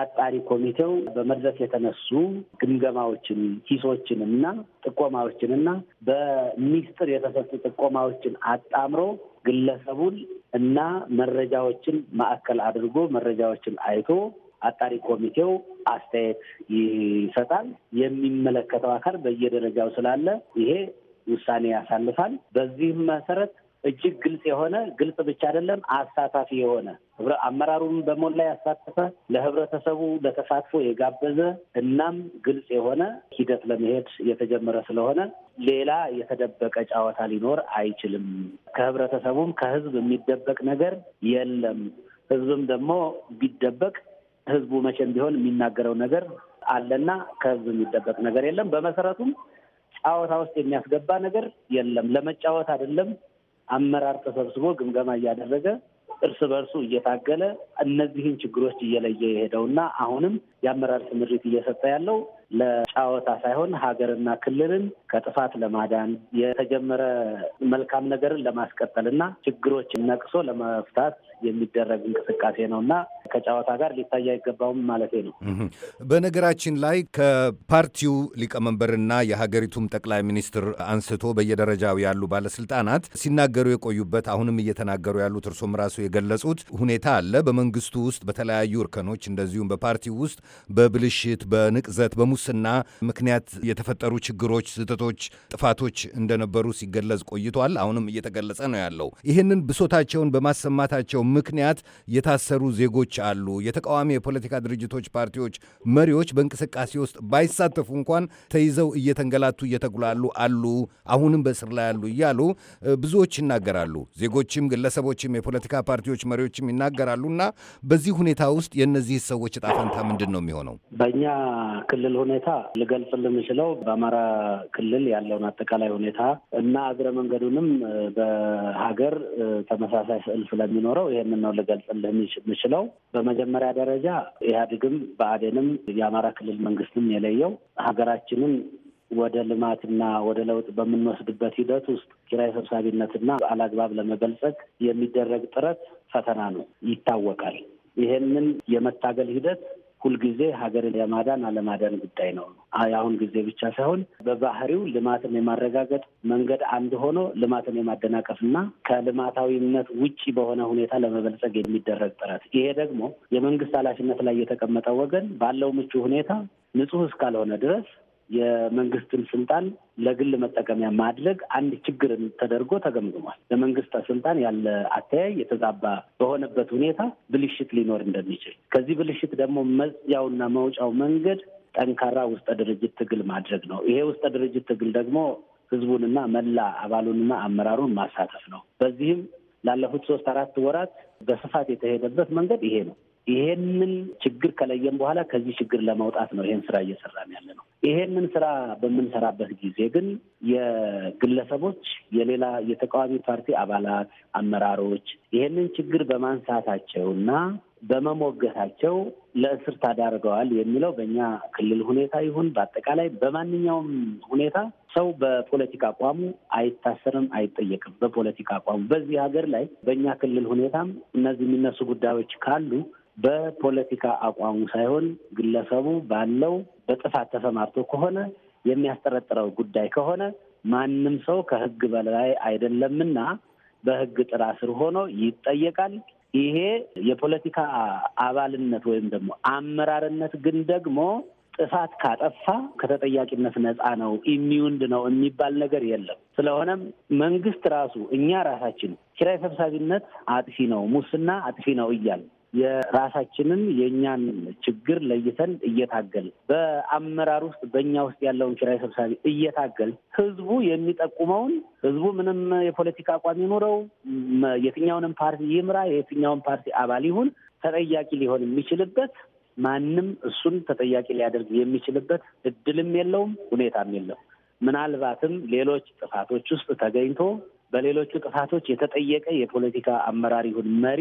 አጣሪ ኮሚቴው በመድረስ የተነሱ ግምገማዎችን፣ ሂሶችን እና ጥቆማዎችን እና በሚስጥር የተሰጡ ጥቆማዎችን አጣምሮ ግለሰቡን እና መረጃዎችን ማዕከል አድርጎ መረጃዎችን አይቶ አጣሪ ኮሚቴው አስተያየት ይሰጣል። የሚመለከተው አካል በየደረጃው ስላለ ይሄ ውሳኔ ያሳልፋል። በዚህም መሰረት እጅግ ግልጽ የሆነ ግልጽ ብቻ አይደለም አሳታፊ የሆነ አመራሩን በሞላ ያሳተፈ ለህብረተሰቡ ለተሳትፎ የጋበዘ እናም ግልጽ የሆነ ሂደት ለመሄድ የተጀመረ ስለሆነ ሌላ የተደበቀ ጨዋታ ሊኖር አይችልም። ከህብረተሰቡም ከህዝብ የሚደበቅ ነገር የለም። ህዝብም ደግሞ ቢደበቅ ህዝቡ መቼም ቢሆን የሚናገረው ነገር አለና ከህዝብ የሚደበቅ ነገር የለም። በመሰረቱም ጨዋታ ውስጥ የሚያስገባ ነገር የለም። ለመጫወት አይደለም አመራር ተሰብስቦ ግምገማ እያደረገ እርስ በእርሱ እየታገለ እነዚህን ችግሮች እየለየ የሄደው እና አሁንም የአመራር ስምሪት እየሰጠ ያለው ለጫወታ ሳይሆን ሀገርና ክልልን ከጥፋት ለማዳን የተጀመረ መልካም ነገርን ለማስቀጠል እና ችግሮችን ነቅሶ ለመፍታት የሚደረግ እንቅስቃሴ ነው እና ከጨዋታ ጋር ሊታይ አይገባውም ማለት ነው። በነገራችን ላይ ከፓርቲው ሊቀመንበርና የሀገሪቱም ጠቅላይ ሚኒስትር አንስቶ በየደረጃው ያሉ ባለስልጣናት ሲናገሩ የቆዩበት አሁንም እየተናገሩ ያሉት እርሶም ራሱ የገለጹት ሁኔታ አለ። በመንግስቱ ውስጥ በተለያዩ እርከኖች እንደዚሁም በፓርቲው ውስጥ በብልሽት፣ በንቅዘት፣ በሙ በሙስና ምክንያት የተፈጠሩ ችግሮች፣ ስህተቶች፣ ጥፋቶች እንደነበሩ ሲገለጽ ቆይቷል። አሁንም እየተገለጸ ነው ያለው። ይህንን ብሶታቸውን በማሰማታቸው ምክንያት የታሰሩ ዜጎች አሉ። የተቃዋሚ የፖለቲካ ድርጅቶች፣ ፓርቲዎች መሪዎች በእንቅስቃሴ ውስጥ ባይሳተፉ እንኳን ተይዘው እየተንገላቱ እየተጉላሉ አሉ፣ አሁንም በእስር ላይ አሉ እያሉ ብዙዎች ይናገራሉ። ዜጎችም፣ ግለሰቦችም፣ የፖለቲካ ፓርቲዎች መሪዎችም ይናገራሉ እና በዚህ ሁኔታ ውስጥ የእነዚህ ሰዎች እጣ ፈንታ ምንድን ነው የሚሆነው? በእኛ ክልል ሁኔታ ልገልጽል የምችለው በአማራ ክልል ያለውን አጠቃላይ ሁኔታ እና እግረ መንገዱንም በሀገር ተመሳሳይ ስዕል ስለሚኖረው ይህንን ነው ልገልጽልህ የምችለው። በመጀመሪያ ደረጃ ኢህአዴግም በአዴንም የአማራ ክልል መንግስትም የለየው ሀገራችንን ወደ ልማትና ወደ ለውጥ በምንወስድበት ሂደት ውስጥ ኪራይ ሰብሳቢነትና አላግባብ ለመበልጸግ የሚደረግ ጥረት ፈተና ነው፣ ይታወቃል። ይሄንን የመታገል ሂደት ሁልጊዜ ሀገርን የማዳን አለማዳን ጉዳይ ነው። የአሁን ጊዜ ብቻ ሳይሆን በባህሪው ልማትን የማረጋገጥ መንገድ አንድ ሆኖ ልማትን የማደናቀፍ እና ከልማታዊነት ውጪ በሆነ ሁኔታ ለመበልጸግ የሚደረግ ጥረት፣ ይሄ ደግሞ የመንግስት ኃላፊነት ላይ የተቀመጠ ወገን ባለው ምቹ ሁኔታ ንጹህ እስካልሆነ ድረስ የመንግስትን ስልጣን ለግል መጠቀሚያ ማድረግ አንድ ችግር ተደርጎ ተገምግሟል። ለመንግስት ስልጣን ያለ አተያይ የተዛባ በሆነበት ሁኔታ ብልሽት ሊኖር እንደሚችል ከዚህ ብልሽት ደግሞ መጽያውና መውጫው መንገድ ጠንካራ ውስጠ ድርጅት ትግል ማድረግ ነው። ይሄ ውስጠ ድርጅት ትግል ደግሞ ህዝቡንና መላ አባሉንና አመራሩን ማሳተፍ ነው። በዚህም ላለፉት ሶስት አራት ወራት በስፋት የተሄደበት መንገድ ይሄ ነው። ይሄንን ችግር ከለየም በኋላ ከዚህ ችግር ለመውጣት ነው ይሄን ስራ እየሰራን ያለ ነው። ይሄንን ስራ በምንሰራበት ጊዜ ግን የግለሰቦች የሌላ የተቃዋሚ ፓርቲ አባላት፣ አመራሮች ይሄንን ችግር በማንሳታቸው እና በመሞገታቸው ለእስር ተዳርገዋል የሚለው በእኛ ክልል ሁኔታ ይሁን በአጠቃላይ በማንኛውም ሁኔታ ሰው በፖለቲካ አቋሙ አይታሰርም፣ አይጠየቅም። በፖለቲካ አቋሙ በዚህ ሀገር ላይ በእኛ ክልል ሁኔታም እነዚህ የሚነሱ ጉዳዮች ካሉ በፖለቲካ አቋሙ ሳይሆን ግለሰቡ ባለው በጥፋት ተሰማርቶ ከሆነ የሚያስጠረጥረው ጉዳይ ከሆነ ማንም ሰው ከሕግ በላይ አይደለምና በሕግ ጥራ ስር ሆኖ ይጠየቃል። ይሄ የፖለቲካ አባልነት ወይም ደግሞ አመራርነት ግን ደግሞ ጥፋት ካጠፋ ከተጠያቂነት ነፃ ነው ኢሚውንድ ነው የሚባል ነገር የለም። ስለሆነም መንግስት ራሱ እኛ ራሳችን ኪራይ ሰብሳቢነት አጥፊ ነው፣ ሙስና አጥፊ ነው እያል የራሳችንን የእኛን ችግር ለይተን እየታገል በአመራር ውስጥ በእኛ ውስጥ ያለውን ኪራይ ሰብሳቢ እየታገል ህዝቡ የሚጠቁመውን ህዝቡ ምንም የፖለቲካ አቋም ይኑረው፣ የትኛውንም ፓርቲ ይምራ፣ የትኛውን ፓርቲ አባል ይሁን ተጠያቂ ሊሆን የሚችልበት ማንም እሱን ተጠያቂ ሊያደርግ የሚችልበት እድልም የለውም፣ ሁኔታም የለው። ምናልባትም ሌሎች ጥፋቶች ውስጥ ተገኝቶ በሌሎቹ ጥፋቶች የተጠየቀ የፖለቲካ አመራር ይሁን መሪ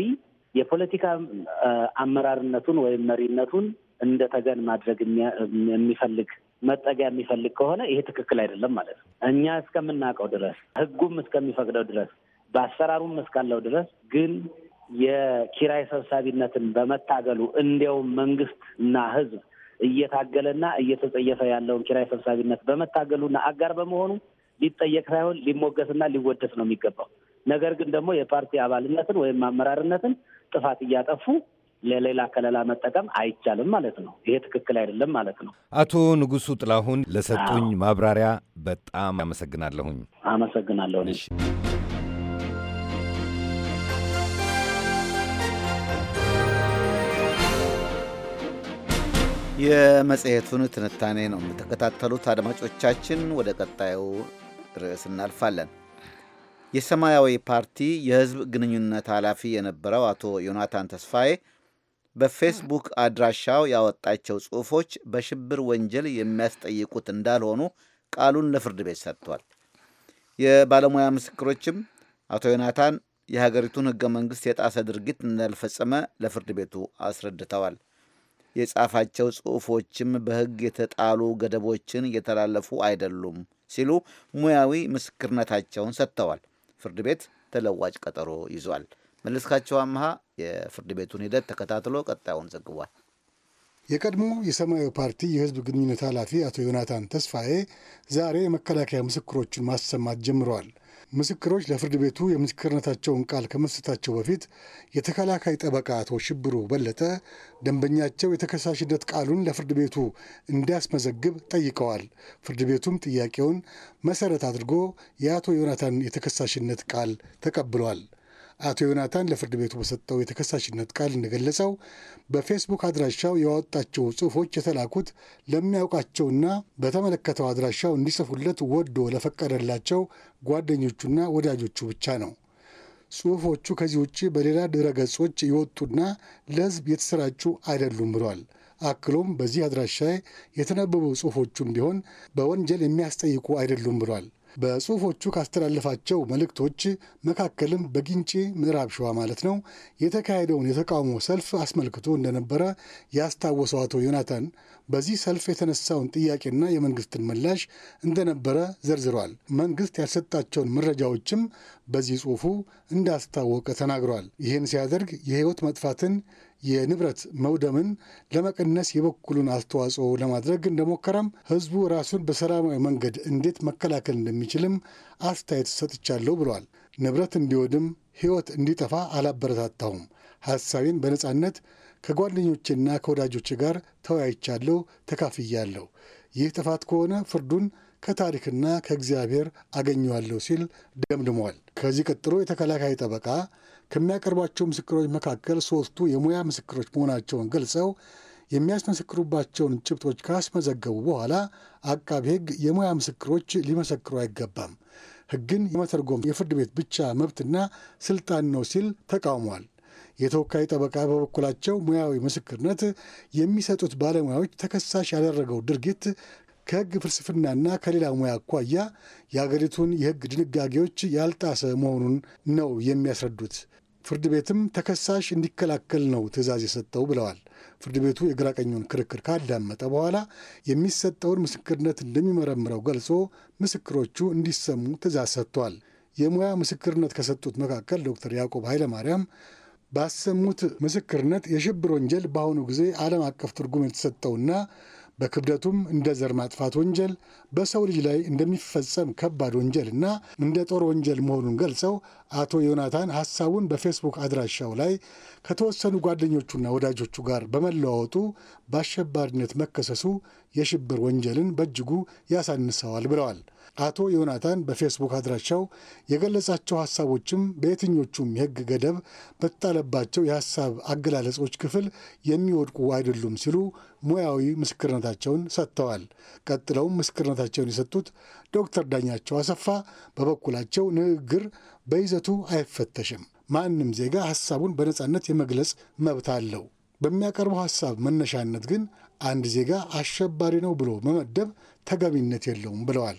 የፖለቲካ አመራርነቱን ወይም መሪነቱን እንደ ተገን ማድረግ የሚፈልግ መጠጊያ የሚፈልግ ከሆነ ይሄ ትክክል አይደለም ማለት ነው። እኛ እስከምናውቀው ድረስ ህጉም እስከሚፈቅደው ድረስ በአሰራሩም እስካለው ድረስ ግን የኪራይ ሰብሳቢነትን በመታገሉ እንዲያውም መንግስት እና ሕዝብ እየታገለና እየተጸየፈ ያለውን ኪራይ ሰብሳቢነት በመታገሉና አጋር በመሆኑ ሊጠየቅ ሳይሆን ሊሞገስና ሊወደስ ነው የሚገባው። ነገር ግን ደግሞ የፓርቲ አባልነትን ወይም አመራርነትን ጥፋት እያጠፉ ለሌላ ከለላ መጠቀም አይቻልም ማለት ነው። ይሄ ትክክል አይደለም ማለት ነው። አቶ ንጉሱ ጥላሁን ለሰጡኝ ማብራሪያ በጣም አመሰግናለሁኝ። አመሰግናለሁ። የመጽሔቱን ትንታኔ ነው የምትከታተሉት አድማጮቻችን። ወደ ቀጣዩ ርዕስ እናልፋለን። የሰማያዊ ፓርቲ የህዝብ ግንኙነት ኃላፊ የነበረው አቶ ዮናታን ተስፋዬ በፌስቡክ አድራሻው ያወጣቸው ጽሑፎች በሽብር ወንጀል የሚያስጠይቁት እንዳልሆኑ ቃሉን ለፍርድ ቤት ሰጥቷል። የባለሙያ ምስክሮችም አቶ ዮናታን የሀገሪቱን ህገ መንግስት የጣሰ ድርጊት እንዳልፈጸመ ለፍርድ ቤቱ አስረድተዋል። የጻፋቸው ጽሑፎችም በህግ የተጣሉ ገደቦችን እየተላለፉ አይደሉም ሲሉ ሙያዊ ምስክርነታቸውን ሰጥተዋል። ፍርድ ቤት ተለዋጭ ቀጠሮ ይዟል። መለስካቸው አምሃ የፍርድ ቤቱን ሂደት ተከታትሎ ቀጣዩን ዘግቧል። የቀድሞ የሰማያዊ ፓርቲ የህዝብ ግንኙነት ኃላፊ አቶ ዮናታን ተስፋዬ ዛሬ የመከላከያ ምስክሮችን ማሰማት ጀምረዋል። ምስክሮች ለፍርድ ቤቱ የምስክርነታቸውን ቃል ከመስጠታቸው በፊት የተከላካይ ጠበቃ አቶ ሽብሩ በለጠ ደንበኛቸው የተከሳሽነት ቃሉን ለፍርድ ቤቱ እንዲያስመዘግብ ጠይቀዋል። ፍርድ ቤቱም ጥያቄውን መሰረት አድርጎ የአቶ ዮናታን የተከሳሽነት ቃል ተቀብሏል። አቶ ዮናታን ለፍርድ ቤቱ በሰጠው የተከሳሽነት ቃል እንደገለጸው በፌስቡክ አድራሻው ያወጣቸው ጽሁፎች የተላኩት ለሚያውቃቸውና በተመለከተው አድራሻው እንዲጽፉለት ወዶ ለፈቀደላቸው ጓደኞቹና ወዳጆቹ ብቻ ነው። ጽሁፎቹ ከዚህ ውጭ በሌላ ድረ ገጾች የወጡና ለህዝብ የተሰራጩ አይደሉም ብሏል። አክሎም በዚህ አድራሻ የተነበቡ ጽሁፎቹም ቢሆን በወንጀል የሚያስጠይቁ አይደሉም ብሏል። በጽሁፎቹ ካስተላለፋቸው መልእክቶች መካከልም በጊንጪ ምዕራብ ሸዋ ማለት ነው የተካሄደውን የተቃውሞ ሰልፍ አስመልክቶ እንደነበረ ያስታወሰው አቶ ዮናታን በዚህ ሰልፍ የተነሳውን ጥያቄና የመንግስትን ምላሽ እንደነበረ ዘርዝሯል። መንግስት ያልሰጣቸውን መረጃዎችም በዚህ ጽሁፉ እንዳስታወቀ ተናግሯል። ይህን ሲያደርግ የህይወት መጥፋትን የንብረት መውደምን ለመቀነስ የበኩሉን አስተዋጽኦ ለማድረግ እንደሞከረም፣ ህዝቡ ራሱን በሰላማዊ መንገድ እንዴት መከላከል እንደሚችልም አስተያየት ሰጥቻለሁ ብሏል። ንብረት እንዲወድም ህይወት እንዲጠፋ አላበረታታሁም። ሐሳቤን በነጻነት ከጓደኞቼና ከወዳጆቼ ጋር ተወያይቻለሁ፣ ተካፍያለሁ። ይህ ጥፋት ከሆነ ፍርዱን ከታሪክና ከእግዚአብሔር አገኘዋለሁ ሲል ደምድሟል። ከዚህ ቀጥሎ የተከላካይ ጠበቃ ከሚያቀርቧቸው ምስክሮች መካከል ሶስቱ የሙያ ምስክሮች መሆናቸውን ገልጸው የሚያስመሰክሩባቸውን ጭብጦች ካስመዘገቡ በኋላ አቃቢ ሕግ የሙያ ምስክሮች ሊመሰክሩ አይገባም፣ ሕግን የመተርጎም የፍርድ ቤት ብቻ መብትና ስልጣን ነው ሲል ተቃውሟል። የተወካይ ጠበቃ በበኩላቸው ሙያዊ ምስክርነት የሚሰጡት ባለሙያዎች ተከሳሽ ያደረገው ድርጊት ከሕግ ፍልስፍናና ከሌላ ሙያ አኳያ የአገሪቱን የሕግ ድንጋጌዎች ያልጣሰ መሆኑን ነው የሚያስረዱት። ፍርድ ቤትም ተከሳሽ እንዲከላከል ነው ትዕዛዝ የሰጠው ብለዋል። ፍርድ ቤቱ የግራ ቀኙን ክርክር ካዳመጠ በኋላ የሚሰጠውን ምስክርነት እንደሚመረምረው ገልጾ ምስክሮቹ እንዲሰሙ ትዕዛዝ ሰጥቷል። የሙያ ምስክርነት ከሰጡት መካከል ዶክተር ያዕቆብ ኃይለማርያም ባሰሙት ምስክርነት የሽብር ወንጀል በአሁኑ ጊዜ ዓለም አቀፍ ትርጉም የተሰጠውና በክብደቱም እንደ ዘር ማጥፋት ወንጀል በሰው ልጅ ላይ እንደሚፈጸም ከባድ ወንጀል እና እንደ ጦር ወንጀል መሆኑን ገልጸው አቶ ዮናታን ሀሳቡን በፌስቡክ አድራሻው ላይ ከተወሰኑ ጓደኞቹና ወዳጆቹ ጋር በመለዋወጡ በአሸባሪነት መከሰሱ የሽብር ወንጀልን በእጅጉ ያሳንሰዋል ብለዋል። አቶ ዮናታን በፌስቡክ አድራሻው የገለጻቸው ሀሳቦችም በየትኞቹም የህግ ገደብ በተጣለባቸው የሀሳብ አገላለጾች ክፍል የሚወድቁ አይደሉም ሲሉ ሙያዊ ምስክርነታቸውን ሰጥተዋል። ቀጥለውም ምስክርነታቸውን የሰጡት ዶክተር ዳኛቸው አሰፋ በበኩላቸው ንግግር በይዘቱ አይፈተሽም፣ ማንም ዜጋ ሀሳቡን በነፃነት የመግለጽ መብት አለው። በሚያቀርበው ሀሳብ መነሻነት ግን አንድ ዜጋ አሸባሪ ነው ብሎ መመደብ ተገቢነት የለውም ብለዋል።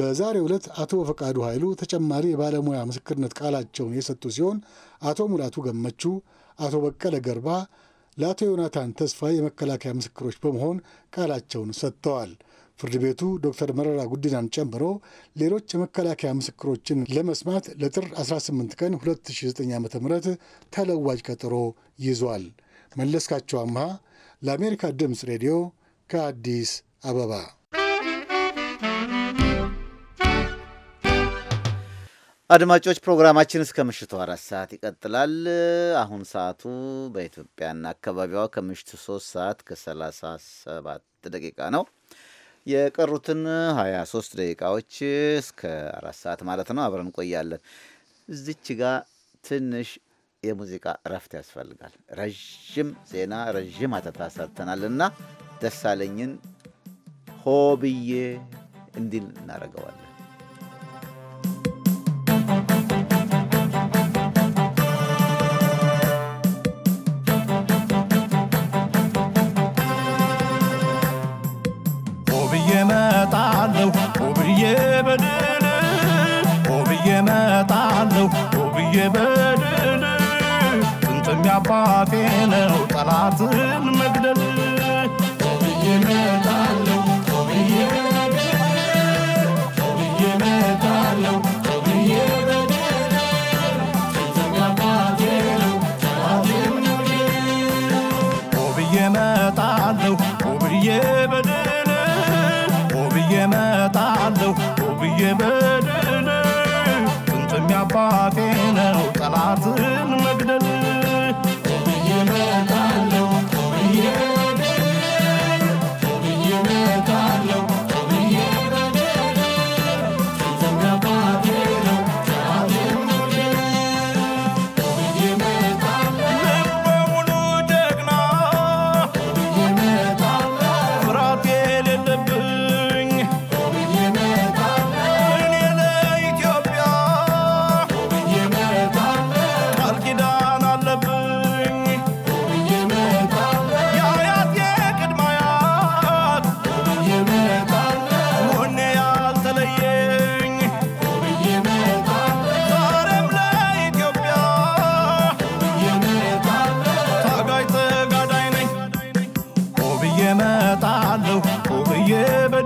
በዛሬ ዕለት አቶ በፈቃዱ ኃይሉ ተጨማሪ የባለሙያ ምስክርነት ቃላቸውን የሰጡ ሲሆን አቶ ሙላቱ ገመቹ፣ አቶ በቀለ ገርባ ለአቶ ዮናታን ተስፋ የመከላከያ ምስክሮች በመሆን ቃላቸውን ሰጥተዋል። ፍርድ ቤቱ ዶክተር መረራ ጉዲናን ጨምሮ ሌሎች የመከላከያ ምስክሮችን ለመስማት ለጥር 18 ቀን 2009 ዓ ም ተለዋጅ ቀጠሮ ይዟል። መለስካቸው አምሃ ለአሜሪካ ድምፅ ሬዲዮ ከአዲስ አበባ አድማጮች ፕሮግራማችን እስከ ምሽቱ አራት ሰዓት ይቀጥላል። አሁን ሰዓቱ በኢትዮጵያና አካባቢዋ ከምሽቱ ሶስት ሰዓት ከሰላሳ ሰባት ደቂቃ ነው። የቀሩትን 23 ደቂቃዎች እስከ አራት ሰዓት ማለት ነው አብረን እንቆያለን። እዚች ጋ ትንሽ የሙዚቃ እረፍት ያስፈልጋል። ረዥም ዜና፣ ረዥም አተታ ሰርተናል እና ደሳለኝን ሆ ብዬ እንዲል እናደርገዋለን። አፋፌ ነው ጠላትን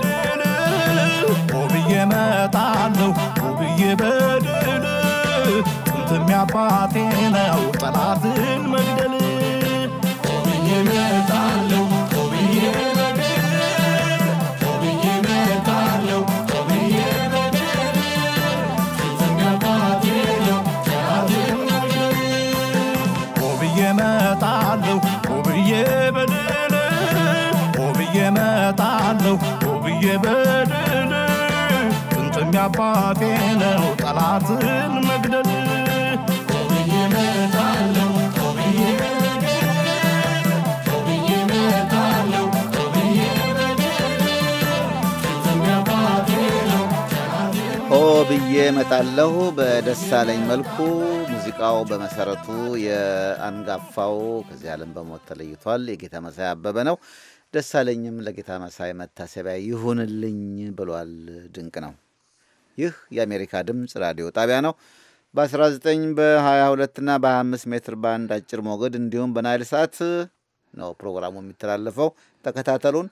በድል ቆብዬ መጣለሁ ቆብዬ በድል ጥንትም ነው ጠላትን መግደል አባቴ ነው ጠላትን መግደል ብዬ መጣለሁ በደሳለኝ መልኩ ሙዚቃው በመሰረቱ የአንጋፋው ከዚህ ዓለም በሞት ተለይቷል የጌታ መሳይ አበበ ነው። ደሳለኝም ለጌታ መሳይ መታሰቢያ ይሁንልኝ ብሏል። ድንቅ ነው። ይህ የአሜሪካ ድምፅ ራዲዮ ጣቢያ ነው። በ19 በ22 እና በ25 ሜትር ባንድ አጭር ሞገድ እንዲሁም በናይል ሰዓት ነው ፕሮግራሙ የሚተላለፈው። ተከታተሉን።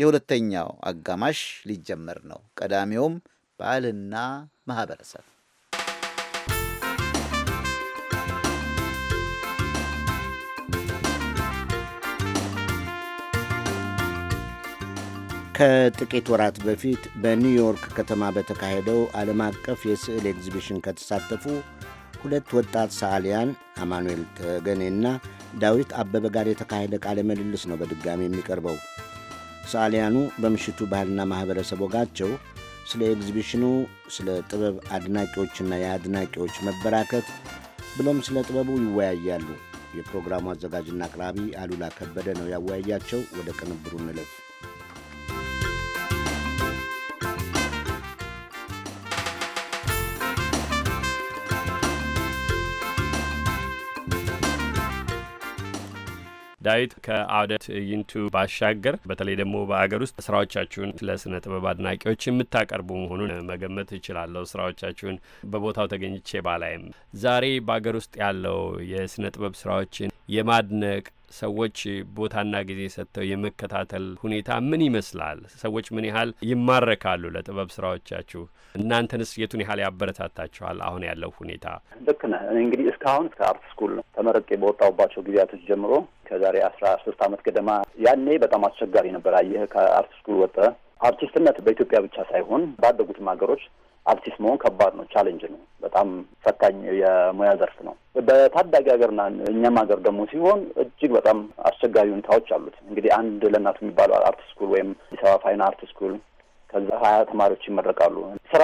የሁለተኛው አጋማሽ ሊጀመር ነው። ቀዳሚውም ባህልና ማህበረሰብ ከጥቂት ወራት በፊት በኒውዮርክ ከተማ በተካሄደው ዓለም አቀፍ የስዕል ኤግዚቢሽን ከተሳተፉ ሁለት ወጣት ሰዓሊያን አማኑኤል ተገኔና ዳዊት አበበ ጋር የተካሄደ ቃለ ምልልስ ነው በድጋሚ የሚቀርበው። ሰዓሊያኑ በምሽቱ ባህልና ማኅበረሰብ ወጋቸው ስለ ኤግዚቢሽኑ፣ ስለ ጥበብ አድናቂዎችና የአድናቂዎች መበራከት ብሎም ስለ ጥበቡ ይወያያሉ። የፕሮግራሙ አዘጋጅና አቅራቢ አሉላ ከበደ ነው ያወያያቸው። ወደ ቅንብሩ እንለፍ። ዳዊት ከአውደ ትዕይንቱ ባሻገር በተለይ ደግሞ በአገር ውስጥ ስራዎቻችሁን ለስነ ጥበብ አድናቂዎች የምታቀርቡ መሆኑን መገመት እችላለሁ። ስራዎቻችሁን በቦታው ተገኝቼ ባላይም ዛሬ በአገር ውስጥ ያለው የስነ ጥበብ ስራዎችን የማድነቅ ሰዎች ቦታና ጊዜ ሰጥተው የመከታተል ሁኔታ ምን ይመስላል? ሰዎች ምን ያህል ይማረካሉ ለጥበብ ስራዎቻችሁ? እናንተንስ የቱን ያህል ያበረታታችኋል? አሁን ያለው ሁኔታ ልክ ነህ። እንግዲህ እስካሁን ከአርት ስኩል ነው ተመርቄ በወጣሁባቸው ጊዜያቶች ጀምሮ ከዛሬ አስራ ሶስት ዓመት ገደማ ያኔ በጣም አስቸጋሪ ነበር። አየህ ከአርት ስኩል ወጥተህ አርቲስትነት በኢትዮጵያ ብቻ ሳይሆን ባደጉትም ሀገሮች አርቲስት መሆን ከባድ ነው፣ ቻሌንጅ ነው፣ በጣም ፈታኝ የሙያ ዘርፍ ነው። በታዳጊ ሀገርና እኛም ሀገር ደግሞ ሲሆን እጅግ በጣም አስቸጋሪ ሁኔታዎች አሉት። እንግዲህ አንድ ለእናቱ የሚባለው አርት ስኩል ወይም አዲስ አበባ ፋይን አርት ስኩል ከዛ ሀያ ተማሪዎች ይመረቃሉ። ስራ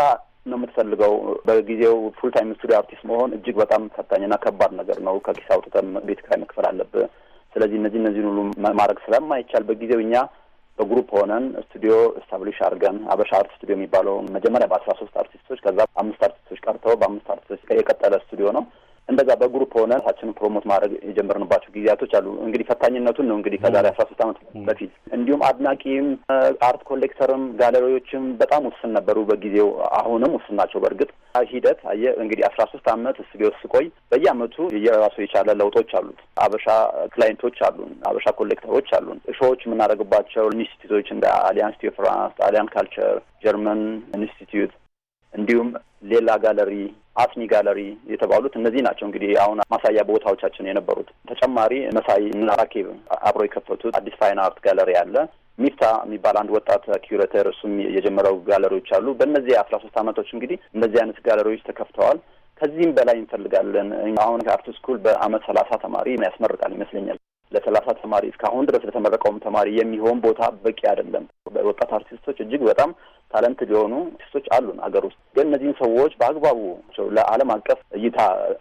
ነው የምትፈልገው። በጊዜው ፉል ታይም ስቱዲዮ አርቲስት መሆን እጅግ በጣም ፈታኝና ከባድ ነገር ነው። ከኪስ አውጥተህ ቤት ኪራይ መክፈል አለብህ። ስለዚህ እነዚህ እነዚህን ሁሉ ማድረግ ስለማይቻል በጊዜው እኛ በግሩፕ ሆነን ስቱዲዮ ስታብሊሽ አድርገን አበሻ አርት ስቱዲዮ የሚባለው መጀመሪያ በአስራ ሶስት አርቲስቶች ከዛ አምስት አርቲስቶች ቀርተው በአምስት አርቲስቶች የቀጠለ ስቱዲዮ ነው። እንደዛ በግሩፕ ሆነ ራሳችንን ፕሮሞት ማድረግ የጀመርንባቸው ጊዜያቶች አሉ። እንግዲህ ፈታኝነቱን ነው እንግዲህ ከዛሬ አስራ ሶስት አመት በፊት እንዲሁም አድናቂም አርት ኮሌክተርም ጋለሪዎችም በጣም ውስን ነበሩ በጊዜው። አሁንም ውስን ናቸው። በእርግጥ ሂደት አየ እንግዲህ አስራ ሶስት ዓመት ስቢወስ ስቆይ በየአመቱ የራሱ የቻለ ለውጦች አሉት። አበሻ ክላይንቶች አሉን፣ አበሻ ኮሌክተሮች አሉን። እሾዎች የምናደርግባቸው ኢንስቲትዩቶች እንደ አሊያንስ ቲ ፍራንስ፣ ጣሊያን ካልቸር፣ ጀርመን ኢንስቲትዩት እንዲሁም ሌላ ጋለሪ፣ አስኒ ጋለሪ የተባሉት እነዚህ ናቸው። እንግዲህ አሁን ማሳያ ቦታዎቻችን የነበሩት ተጨማሪ መሳይ እና አብሮ የከፈቱት አዲስ ፋይን አርት ጋለሪ አለ። ሚፍታ የሚባል አንድ ወጣት ኪዩሬተር እሱም የጀመረው ጋለሪዎች አሉ። በእነዚህ አስራ ሶስት አመቶች እንግዲህ እነዚህ አይነት ጋለሪዎች ተከፍተዋል። ከዚህም በላይ እንፈልጋለን። አሁን ከአርት ስኩል በአመት ሰላሳ ተማሪ ያስመርቃል ይመስለኛል። ለሰላሳ ተማሪ እስካሁን ድረስ ለተመረቀውም ተማሪ የሚሆን ቦታ በቂ አይደለም። ወጣት አርቲስቶች እጅግ በጣም ታለንት ሊሆኑ አርቲስቶች አሉን አገር ውስጥ ግን እነዚህን ሰዎች በአግባቡ ለዓለም አቀፍ እይታ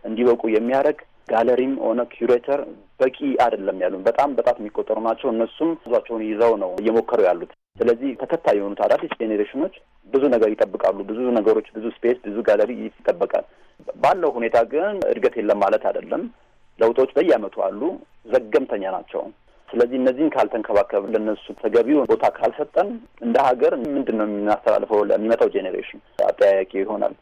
እንዲበቁ የሚያደርግ ጋለሪም ሆነ ኪዩሬተር በቂ አይደለም ያሉን በጣም በጣት የሚቆጠሩ ናቸው። እነሱም ዟቸውን ይዘው ነው እየሞከሩ ያሉት። ስለዚህ ተከታይ የሆኑት አዳዲስ ጄኔሬሽኖች ብዙ ነገር ይጠብቃሉ። ብዙ ነገሮች፣ ብዙ ስፔስ፣ ብዙ ጋለሪ ይጠበቃል። ባለው ሁኔታ ግን እድገት የለም ማለት አይደለም። ለውጦች በየአመቱ አሉ፣ ዘገምተኛ ናቸው። ስለዚህ እነዚህን ካልተንከባከብ ለነሱ ተገቢውን ቦታ ካልሰጠን እንደ ሀገር ምንድን ነው የምናስተላልፈው ለሚመጣው ጄኔሬሽን አጠያያቂ ይሆናል።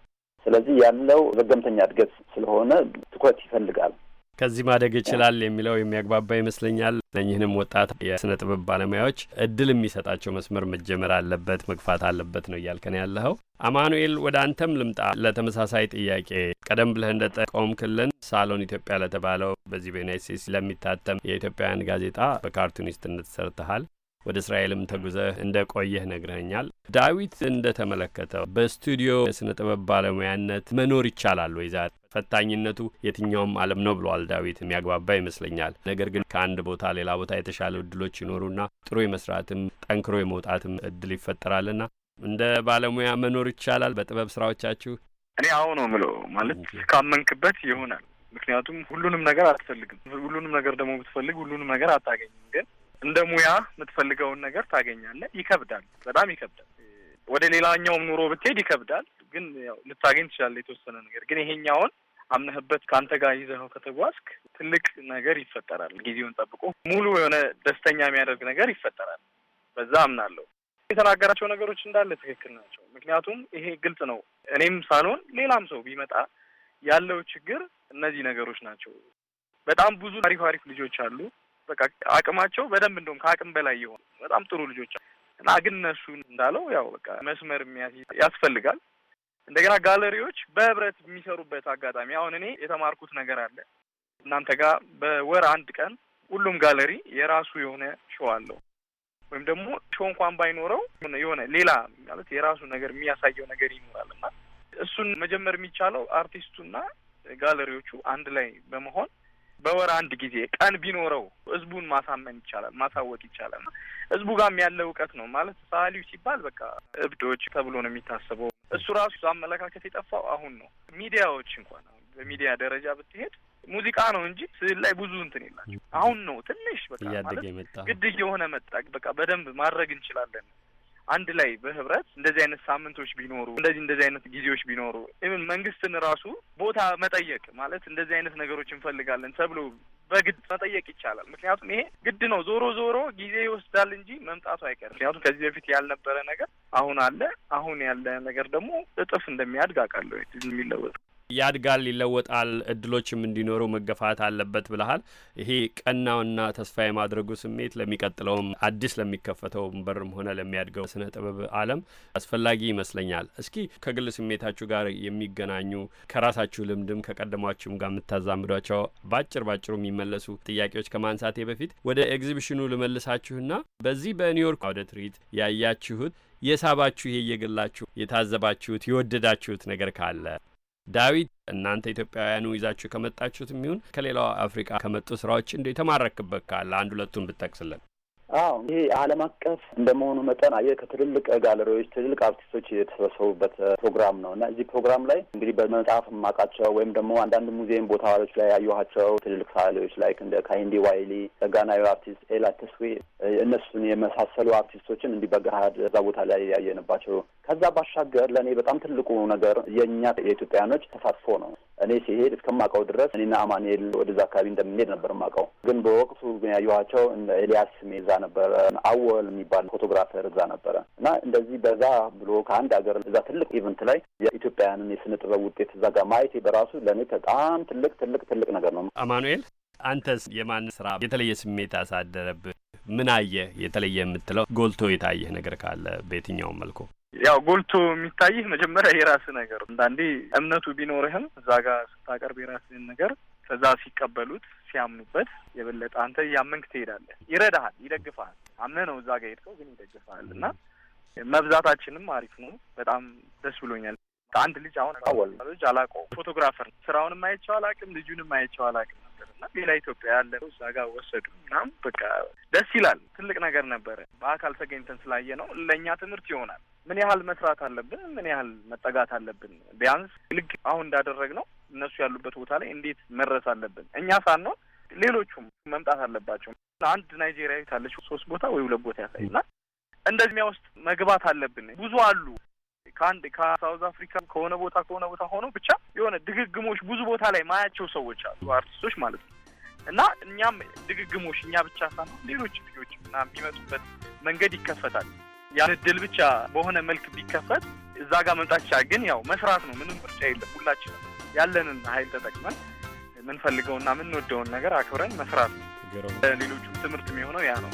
ስለዚህ ያለው ዘገምተኛ እድገት ስለሆነ ትኩረት ይፈልጋል። ከዚህ ማደግ ይችላል የሚለው የሚያግባባ ይመስለኛል። ለእኚህንም ወጣት የስነ ጥበብ ባለሙያዎች እድል የሚሰጣቸው መስመር መጀመር አለበት፣ መግፋት አለበት ነው እያልከን ያለኸው። አማኑኤል ወደ አንተም ልምጣ። ለተመሳሳይ ጥያቄ ቀደም ብለህ እንደ ጠቆምክልን ሳሎን ኢትዮጵያ ለተባለው በዚህ በዩናይት ስቴትስ ለሚታተም የኢትዮጵያውያን ጋዜጣ በካርቱኒስትነት ሰርተሃል። ወደ እስራኤልም ተጉዘህ እንደ ቆየህ ነግረኛል። ዳዊት እንደ ተመለከተው በስቱዲዮ የስነ ጥበብ ባለሙያነት መኖር ይቻላል ወይ? ዛሬ ፈታኝነቱ የትኛውም ዓለም ነው ብሏል ዳዊት። የሚያግባባ ይመስለኛል። ነገር ግን ከአንድ ቦታ ሌላ ቦታ የተሻለ እድሎች ይኖሩና ጥሩ የመስራትም ጠንክሮ የመውጣትም እድል ይፈጠራልና እንደ ባለሙያ መኖር ይቻላል በጥበብ ስራዎቻችሁ? እኔ አዎ ነው ምለው። ማለት ካመንክበት ይሆናል። ምክንያቱም ሁሉንም ነገር አትፈልግም። ሁሉንም ነገር ደግሞ ብትፈልግ ሁሉንም ነገር አታገኝም ግን እንደ ሙያ የምትፈልገውን ነገር ታገኛለህ። ይከብዳል፣ በጣም ይከብዳል። ወደ ሌላኛውም ኑሮ ብትሄድ ይከብዳል፣ ግን ያው ልታገኝ ትችላለህ የተወሰነ ነገር። ግን ይሄኛውን አምነህበት ከአንተ ጋር ይዘኸው ከተጓዝክ ትልቅ ነገር ይፈጠራል። ጊዜውን ጠብቆ ሙሉ የሆነ ደስተኛ የሚያደርግ ነገር ይፈጠራል። በዛ አምናለሁ። የተናገራቸው ነገሮች እንዳለ ትክክል ናቸው። ምክንያቱም ይሄ ግልጽ ነው። እኔም ሳልሆን ሌላም ሰው ቢመጣ ያለው ችግር እነዚህ ነገሮች ናቸው። በጣም ብዙ አሪፍ አሪፍ ልጆች አሉ በቃ አቅማቸው በደንብ እንደውም ከአቅም በላይ የሆኑ በጣም ጥሩ ልጆች እና ግን እነሱ እንዳለው ያው በቃ መስመር ያስፈልጋል። እንደገና ጋለሪዎች በህብረት የሚሰሩበት አጋጣሚ አሁን እኔ የተማርኩት ነገር አለ እናንተ ጋር በወር አንድ ቀን ሁሉም ጋለሪ የራሱ የሆነ ሾው አለው ወይም ደግሞ ሾው እንኳን ባይኖረው የሆነ ሌላ ማለት የራሱ ነገር የሚያሳየው ነገር ይኖራል እና እሱን መጀመር የሚቻለው አርቲስቱና ጋለሪዎቹ አንድ ላይ በመሆን በወር አንድ ጊዜ ቀን ቢኖረው ህዝቡን ማሳመን ይቻላል፣ ማሳወቅ ይቻላል። ህዝቡ ጋም ያለ እውቀት ነው ማለት ሰዓሊው ሲባል በቃ እብዶች ተብሎ ነው የሚታሰበው። እሱ ራሱ አመለካከት የጠፋው አሁን ነው። ሚዲያዎች እንኳን በሚዲያ ደረጃ ብትሄድ ሙዚቃ ነው እንጂ ስዕል ላይ ብዙ እንትን የላቸው። አሁን ነው ትንሽ በቃ ማለት ግድ እየሆነ መጣ። በቃ በደንብ ማድረግ እንችላለን አንድ ላይ በህብረት እንደዚህ አይነት ሳምንቶች ቢኖሩ እንደዚህ እንደዚህ አይነት ጊዜዎች ቢኖሩ ኢቨን መንግስትን ራሱ ቦታ መጠየቅ ማለት እንደዚህ አይነት ነገሮች እንፈልጋለን ተብሎ በግድ መጠየቅ ይቻላል። ምክንያቱም ይሄ ግድ ነው። ዞሮ ዞሮ ጊዜ ይወስዳል እንጂ መምጣቱ አይቀርም። ምክንያቱም ከዚህ በፊት ያልነበረ ነገር አሁን አለ። አሁን ያለ ነገር ደግሞ እጥፍ እንደሚያድግ አውቃለሁ የሚለወጥ ያድጋል፣ ይለወጣል፣ እድሎችም እንዲኖሩ መገፋት አለበት ብለሃል። ይሄ ቀናውና ተስፋ የማድረጉ ስሜት ለሚቀጥለውም አዲስ ለሚከፈተውም በርም ሆነ ለሚያድገው ስነ ጥበብ ዓለም አስፈላጊ ይመስለኛል። እስኪ ከግል ስሜታችሁ ጋር የሚገናኙ ከራሳችሁ ልምድም ከቀደሟችሁም ጋር የምታዛምዷቸው ባጭር ባጭሩ የሚመለሱ ጥያቄዎች ከማንሳቴ በፊት ወደ ኤግዚቢሽኑ ልመልሳችሁና በዚህ በኒውዮርክ አውደ ትርኢት ያያችሁት የሳባችሁ፣ የየግላችሁ የታዘባችሁት፣ የወደዳችሁት ነገር ካለ ዳዊት እናንተ ኢትዮጵያውያኑ ይዛችሁ ከመጣችሁት የሚሆን ከሌላው አፍሪቃ ከመጡ ስራዎች እንደ የተማረክበት ካለ አንድ ሁለቱን ብጠቅስልን። አዎ ይሄ ዓለም አቀፍ እንደመሆኑ መጠን አየ ከትልልቅ ጋለሪዎች ትልልቅ አርቲስቶች የተሰበሰቡበት ፕሮግራም ነው እና እዚህ ፕሮግራም ላይ እንግዲህ በመጽሐፍ የማውቃቸው ወይም ደግሞ አንዳንድ ሙዚየም ቦታዎች ላይ ያየኋቸው ትልልቅ ሰዓሊዎች ላይ እንደ ካሂንዲ ዋይሊ፣ ጋናዊ አርቲስት ኤላ ተስዌ እነሱን የመሳሰሉ አርቲስቶችን እንዲህ በገሃድ እዛ ቦታ ላይ ያየንባቸው። ከዛ ባሻገር ለእኔ በጣም ትልቁ ነገር የእኛ የኢትዮጵያኖች ተሳትፎ ነው። እኔ ሲሄድ እስከማውቀው ድረስ እኔና አማኑኤል ወደዛ አካባቢ እንደምንሄድ ነበር የማውቀው። ግን በወቅቱ ግን ያየኋቸው ኤልያስ ሜዛ ነበረ። አወል የሚባል ፎቶግራፈር እዛ ነበረ እና እንደዚህ በዛ ብሎ ከአንድ ሀገር እዛ ትልቅ ኢቨንት ላይ የኢትዮጵያውያንን የስነ ጥበብ ውጤት እዛ ጋር ማየቴ በራሱ ለእኔ በጣም ትልቅ ትልቅ ትልቅ ነገር ነው። አማኑኤል አንተስ የማን ስራ የተለየ ስሜት አሳደረብህ? ምን አየህ የተለየ የምትለው ጎልቶ የታየህ ነገር ካለ በየትኛውም መልኩ? ያው ጎልቶ የሚታይህ መጀመሪያ የራስ ነገር አንዳንዴ እምነቱ ቢኖርህም እዛ ጋር ስታቀርብ የራስህን ነገር ከዛ ሲቀበሉት ሲያምኑበት የበለጠ አንተ እያመንክ ትሄዳለህ። ይረዳሃል፣ ይደግፋል። አምነህ ነው እዛ ጋር ሄድከው፣ ግን ይደግፋል። እና መብዛታችንም አሪፍ ነው። በጣም ደስ ብሎኛል። አንድ ልጅ አሁን ልጅ አላውቀውም፣ ፎቶግራፈር ነው። ስራውንም አይቼው አላውቅም፣ ልጁንም አይቼው አላውቅም ነበርና ሌላ ኢትዮጵያ ያለ እዛ ጋር ወሰዱ እናም በቃ ደስ ይላል። ትልቅ ነገር ነበረ። በአካል ተገኝተን ስላየ ነው ለእኛ ትምህርት ይሆናል። ምን ያህል መስራት አለብን፣ ምን ያህል መጠጋት አለብን። ቢያንስ ልክ አሁን እንዳደረግ ነው እነሱ ያሉበት ቦታ ላይ እንዴት መድረስ አለብን እኛ ሳንሆን ሌሎቹም መምጣት አለባቸው። አንድ ናይጄሪያዊ ካለች ሶስት ቦታ ወይ ሁለት ቦታ ያሳይና እንደዚያ ውስጥ መግባት አለብን። ብዙ አሉ ከአንድ ከሳውዝ አፍሪካ ከሆነ ቦታ ከሆነ ቦታ ሆኖ ብቻ የሆነ ድግግሞች ብዙ ቦታ ላይ ማያቸው ሰዎች አሉ፣ አርቲስቶች ማለት ነው። እና እኛም ድግግሞች እኛ ብቻ ሳይሆን ሌሎች ልጆች እና የሚመጡበት መንገድ ይከፈታል። ያን እድል ብቻ በሆነ መልክ ቢከፈት እዛ ጋር መምጣት ይቻላል። ግን ያው መስራት ነው፣ ምንም ምርጫ የለም። ሁላችንም ያለንን ሀይል ተጠቅመን የምንፈልገውና የምንወደውን ነገር አክብረን መስራት ነው። ትምህርት የሚሆነው ያ ነው።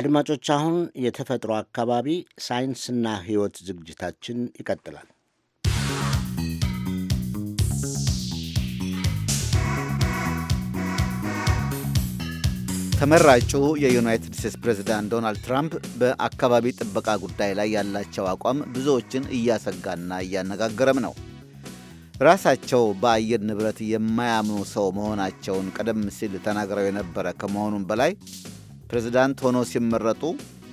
አድማጮች፣ አሁን የተፈጥሮ አካባቢ ሳይንስና ሕይወት ዝግጅታችን ይቀጥላል። ተመራጩ የዩናይትድ ስቴትስ ፕሬዝዳንት ዶናልድ ትራምፕ በአካባቢ ጥበቃ ጉዳይ ላይ ያላቸው አቋም ብዙዎችን እያሰጋና እያነጋገረም ነው። ራሳቸው በአየር ንብረት የማያምኑ ሰው መሆናቸውን ቀደም ሲል ተናግረው የነበረ ከመሆኑም በላይ ፕሬዝዳንት ሆኖ ሲመረጡ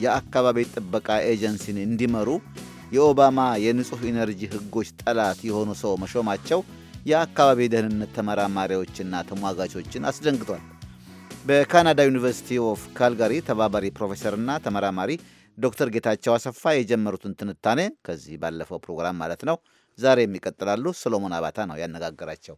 የአካባቢ ጥበቃ ኤጀንሲን እንዲመሩ የኦባማ የንጹሕ ኢነርጂ ሕጎች ጠላት የሆኑ ሰው መሾማቸው የአካባቢ ደህንነት ተመራማሪዎችና ተሟጋቾችን አስደንግጧል። በካናዳ ዩኒቨርሲቲ ኦፍ ካልጋሪ ተባባሪ ፕሮፌሰርና ተመራማሪ ዶክተር ጌታቸው አሰፋ የጀመሩትን ትንታኔ ከዚህ ባለፈው ፕሮግራም ማለት ነው ዛሬም ይቀጥላሉ። ሰሎሞን አባታ ነው ያነጋገራቸው።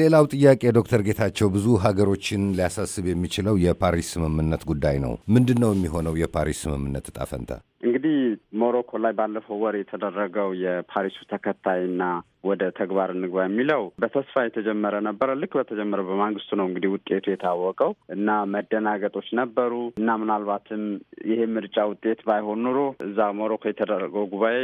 ሌላው ጥያቄ ዶክተር ጌታቸው ብዙ ሀገሮችን ሊያሳስብ የሚችለው የፓሪስ ስምምነት ጉዳይ ነው። ምንድን ነው የሚሆነው የፓሪስ ስምምነት እጣ ፈንታ? እንግዲህ ሞሮኮ ላይ ባለፈው ወር የተደረገው የፓሪሱ ተከታይና ወደ ተግባር እንግባ የሚለው በተስፋ የተጀመረ ነበረ። ልክ በተጀመረ በማንግስቱ ነው እንግዲህ ውጤቱ የታወቀው እና መደናገጦች ነበሩ እና ምናልባትም ይሄ ምርጫ ውጤት ባይሆን ኑሮ እዛ ሞሮኮ የተደረገው ጉባኤ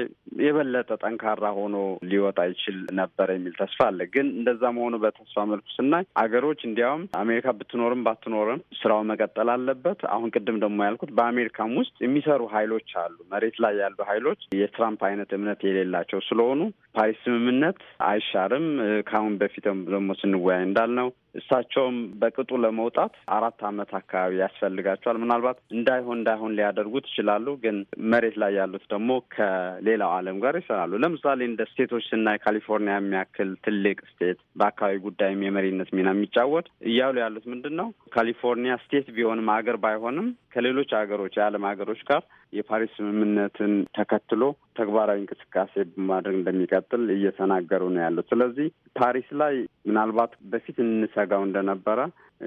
የበለጠ ጠንካራ ሆኖ ሊወጣ ይችል ነበረ የሚል ተስፋ አለ። ግን እንደዛ መሆኑ በተስፋ መልኩ ስናይ አገሮች እንዲያውም አሜሪካ ብትኖርም ባትኖርም ስራው መቀጠል አለበት። አሁን ቅድም ደግሞ ያልኩት በአሜሪካም ውስጥ የሚሰሩ ሀይሎች አሉ ይችላሉ። መሬት ላይ ያሉ ኃይሎች የትራምፕ አይነት እምነት የሌላቸው ስለሆኑ ፓሪስ ስምምነት አይሻርም። ከአሁን በፊትም ደግሞ ስንወያይ እንዳልነው እሳቸውም በቅጡ ለመውጣት አራት ዓመት አካባቢ ያስፈልጋቸዋል። ምናልባት እንዳይሆን እንዳይሆን ሊያደርጉት ይችላሉ ግን መሬት ላይ ያሉት ደግሞ ከሌላው ዓለም ጋር ይሰራሉ። ለምሳሌ እንደ ስቴቶች ስናይ ካሊፎርኒያ የሚያክል ትልቅ ስቴት በአካባቢ ጉዳይም የመሪነት ሚና የሚጫወት እያሉ ያሉት ምንድን ነው? ካሊፎርኒያ ስቴት ቢሆንም አገር ባይሆንም ከሌሎች ሀገሮች የዓለም ሀገሮች ጋር የፓሪስ ስምምነትን ተከትሎ ተግባራዊ እንቅስቃሴ ማድረግ እንደሚቀጥል እየተናገሩ ነው ያሉት። ስለዚህ ፓሪስ ላይ ምናልባት በፊት እንሰጋው እንደነበረ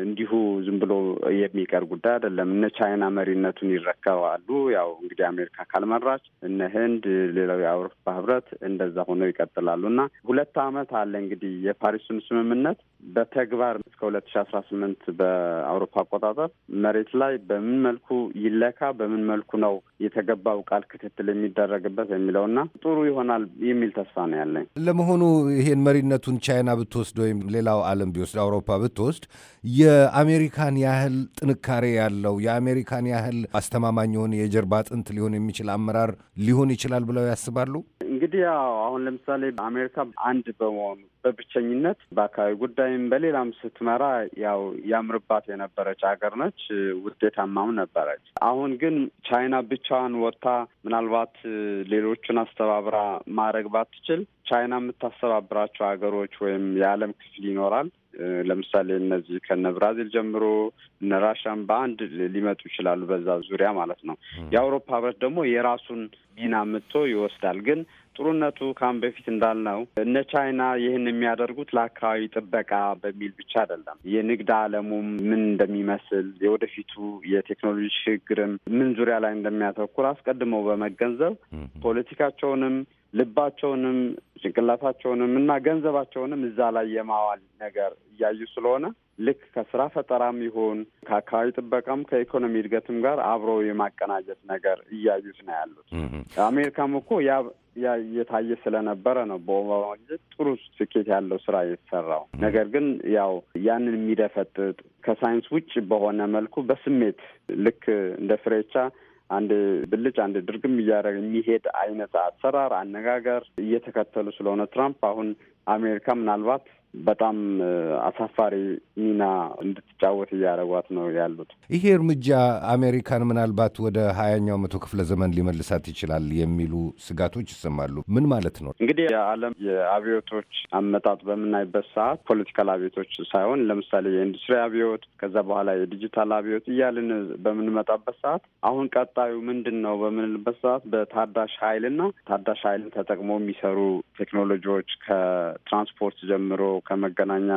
እንዲሁ ዝም ብሎ የሚቀር ጉዳይ አይደለም። እነ ቻይና መሪነቱን ይረከባሉ። ያው እንግዲህ አሜሪካ ካልመራች እነ ህንድ፣ ሌላው የአውሮፓ ህብረት እንደዛ ሆነው ይቀጥላሉ እና ሁለት አመት አለ እንግዲህ የፓሪሱን ስምምነት በተግባር እስከ ሁለት ሺ አስራ ስምንት በአውሮፓ አቆጣጠር መሬት ላይ በምን መልኩ ይለካ፣ በምን መልኩ ነው የተገባው ቃል ክትትል የሚደረግበት የሚለውና ጥሩ ይሆናል የሚል ተስፋ ነው ያለኝ። ለመሆኑ ይሄን መሪነቱን ቻይና ብትወስድ ወይም ሌላው አለም ቢወስድ አውሮፓ ብትወስድ የአሜሪካን ያህል ጥንካሬ ያለው የአሜሪካን ያህል አስተማማኝ የሆነ የጀርባ አጥንት ሊሆን የሚችል አመራር ሊሆን ይችላል ብለው ያስባሉ? እንግዲህ ያው አሁን ለምሳሌ አሜሪካ አንድ በመሆኑ በብቸኝነት በአካባቢ ጉዳይም በሌላም ስትመራ ያው ያምርባት የነበረች ሀገር ነች፣ ውጤታማም ነበረች። አሁን ግን ቻይና ብቻዋን ወጥታ ምናልባት ሌሎቹን አስተባብራ ማድረግ ባትችል ቻይና የምታስተባብራቸው ሀገሮች ወይም የዓለም ክፍል ይኖራል። ለምሳሌ እነዚህ ከነ ብራዚል ጀምሮ እነ ራሽያን በአንድ ሊመጡ ይችላሉ፣ በዛ ዙሪያ ማለት ነው። የአውሮፓ ህብረት ደግሞ የራሱን ሚና ምቶ ይወስዳል። ግን ጥሩነቱ ካሁን በፊት እንዳልነው እነ ቻይና ይህን የሚያደርጉት ለአካባቢ ጥበቃ በሚል ብቻ አይደለም። የንግድ ዓለሙም ምን እንደሚመስል የወደፊቱ የቴክኖሎጂ ሽግግርም ምን ዙሪያ ላይ እንደሚያተኩር አስቀድመው በመገንዘብ ፖለቲካቸውንም ልባቸውንም ጭንቅላታቸውንም እና ገንዘባቸውንም እዛ ላይ የማዋል ነገር እያዩ ስለሆነ ልክ ከስራ ፈጠራም ይሁን ከአካባቢ ጥበቃም ከኢኮኖሚ እድገትም ጋር አብሮ የማቀናጀት ነገር እያዩት ነው ያሉት። አሜሪካም እኮ ያ ያ እየታየ ስለነበረ ነው በኦባማ ጊዜ ጥሩ ስኬት ያለው ስራ የተሰራው። ነገር ግን ያው ያንን የሚደፈጥጥ ከሳይንስ ውጭ በሆነ መልኩ በስሜት ልክ እንደ ፍሬቻ አንድ ብልጭ አንድ ድርግም እያደረገ የሚሄድ አይነት አሰራር፣ አነጋገር እየተከተሉ ስለሆነ ትራምፕ አሁን አሜሪካ ምናልባት በጣም አሳፋሪ ሚና እንድትጫወት እያደረጓት ነው ያሉት። ይሄ እርምጃ አሜሪካን ምናልባት ወደ ሀያኛው መቶ ክፍለ ዘመን ሊመልሳት ይችላል የሚሉ ስጋቶች ይሰማሉ። ምን ማለት ነው እንግዲህ የዓለም የአብዮቶች አመጣጥ በምናይበት ሰዓት ፖለቲካል አብዮቶች ሳይሆን ለምሳሌ የኢንዱስትሪ አብዮት፣ ከዛ በኋላ የዲጂታል አብዮት እያልን በምንመጣበት ሰዓት አሁን ቀጣዩ ምንድን ነው በምንልበት ሰዓት በታዳሽ ኃይልና ታዳሽ ኃይልን ተጠቅሞ የሚሰሩ ቴክኖሎጂዎች ከትራንስፖርት ጀምሮ ከመገናኛ፣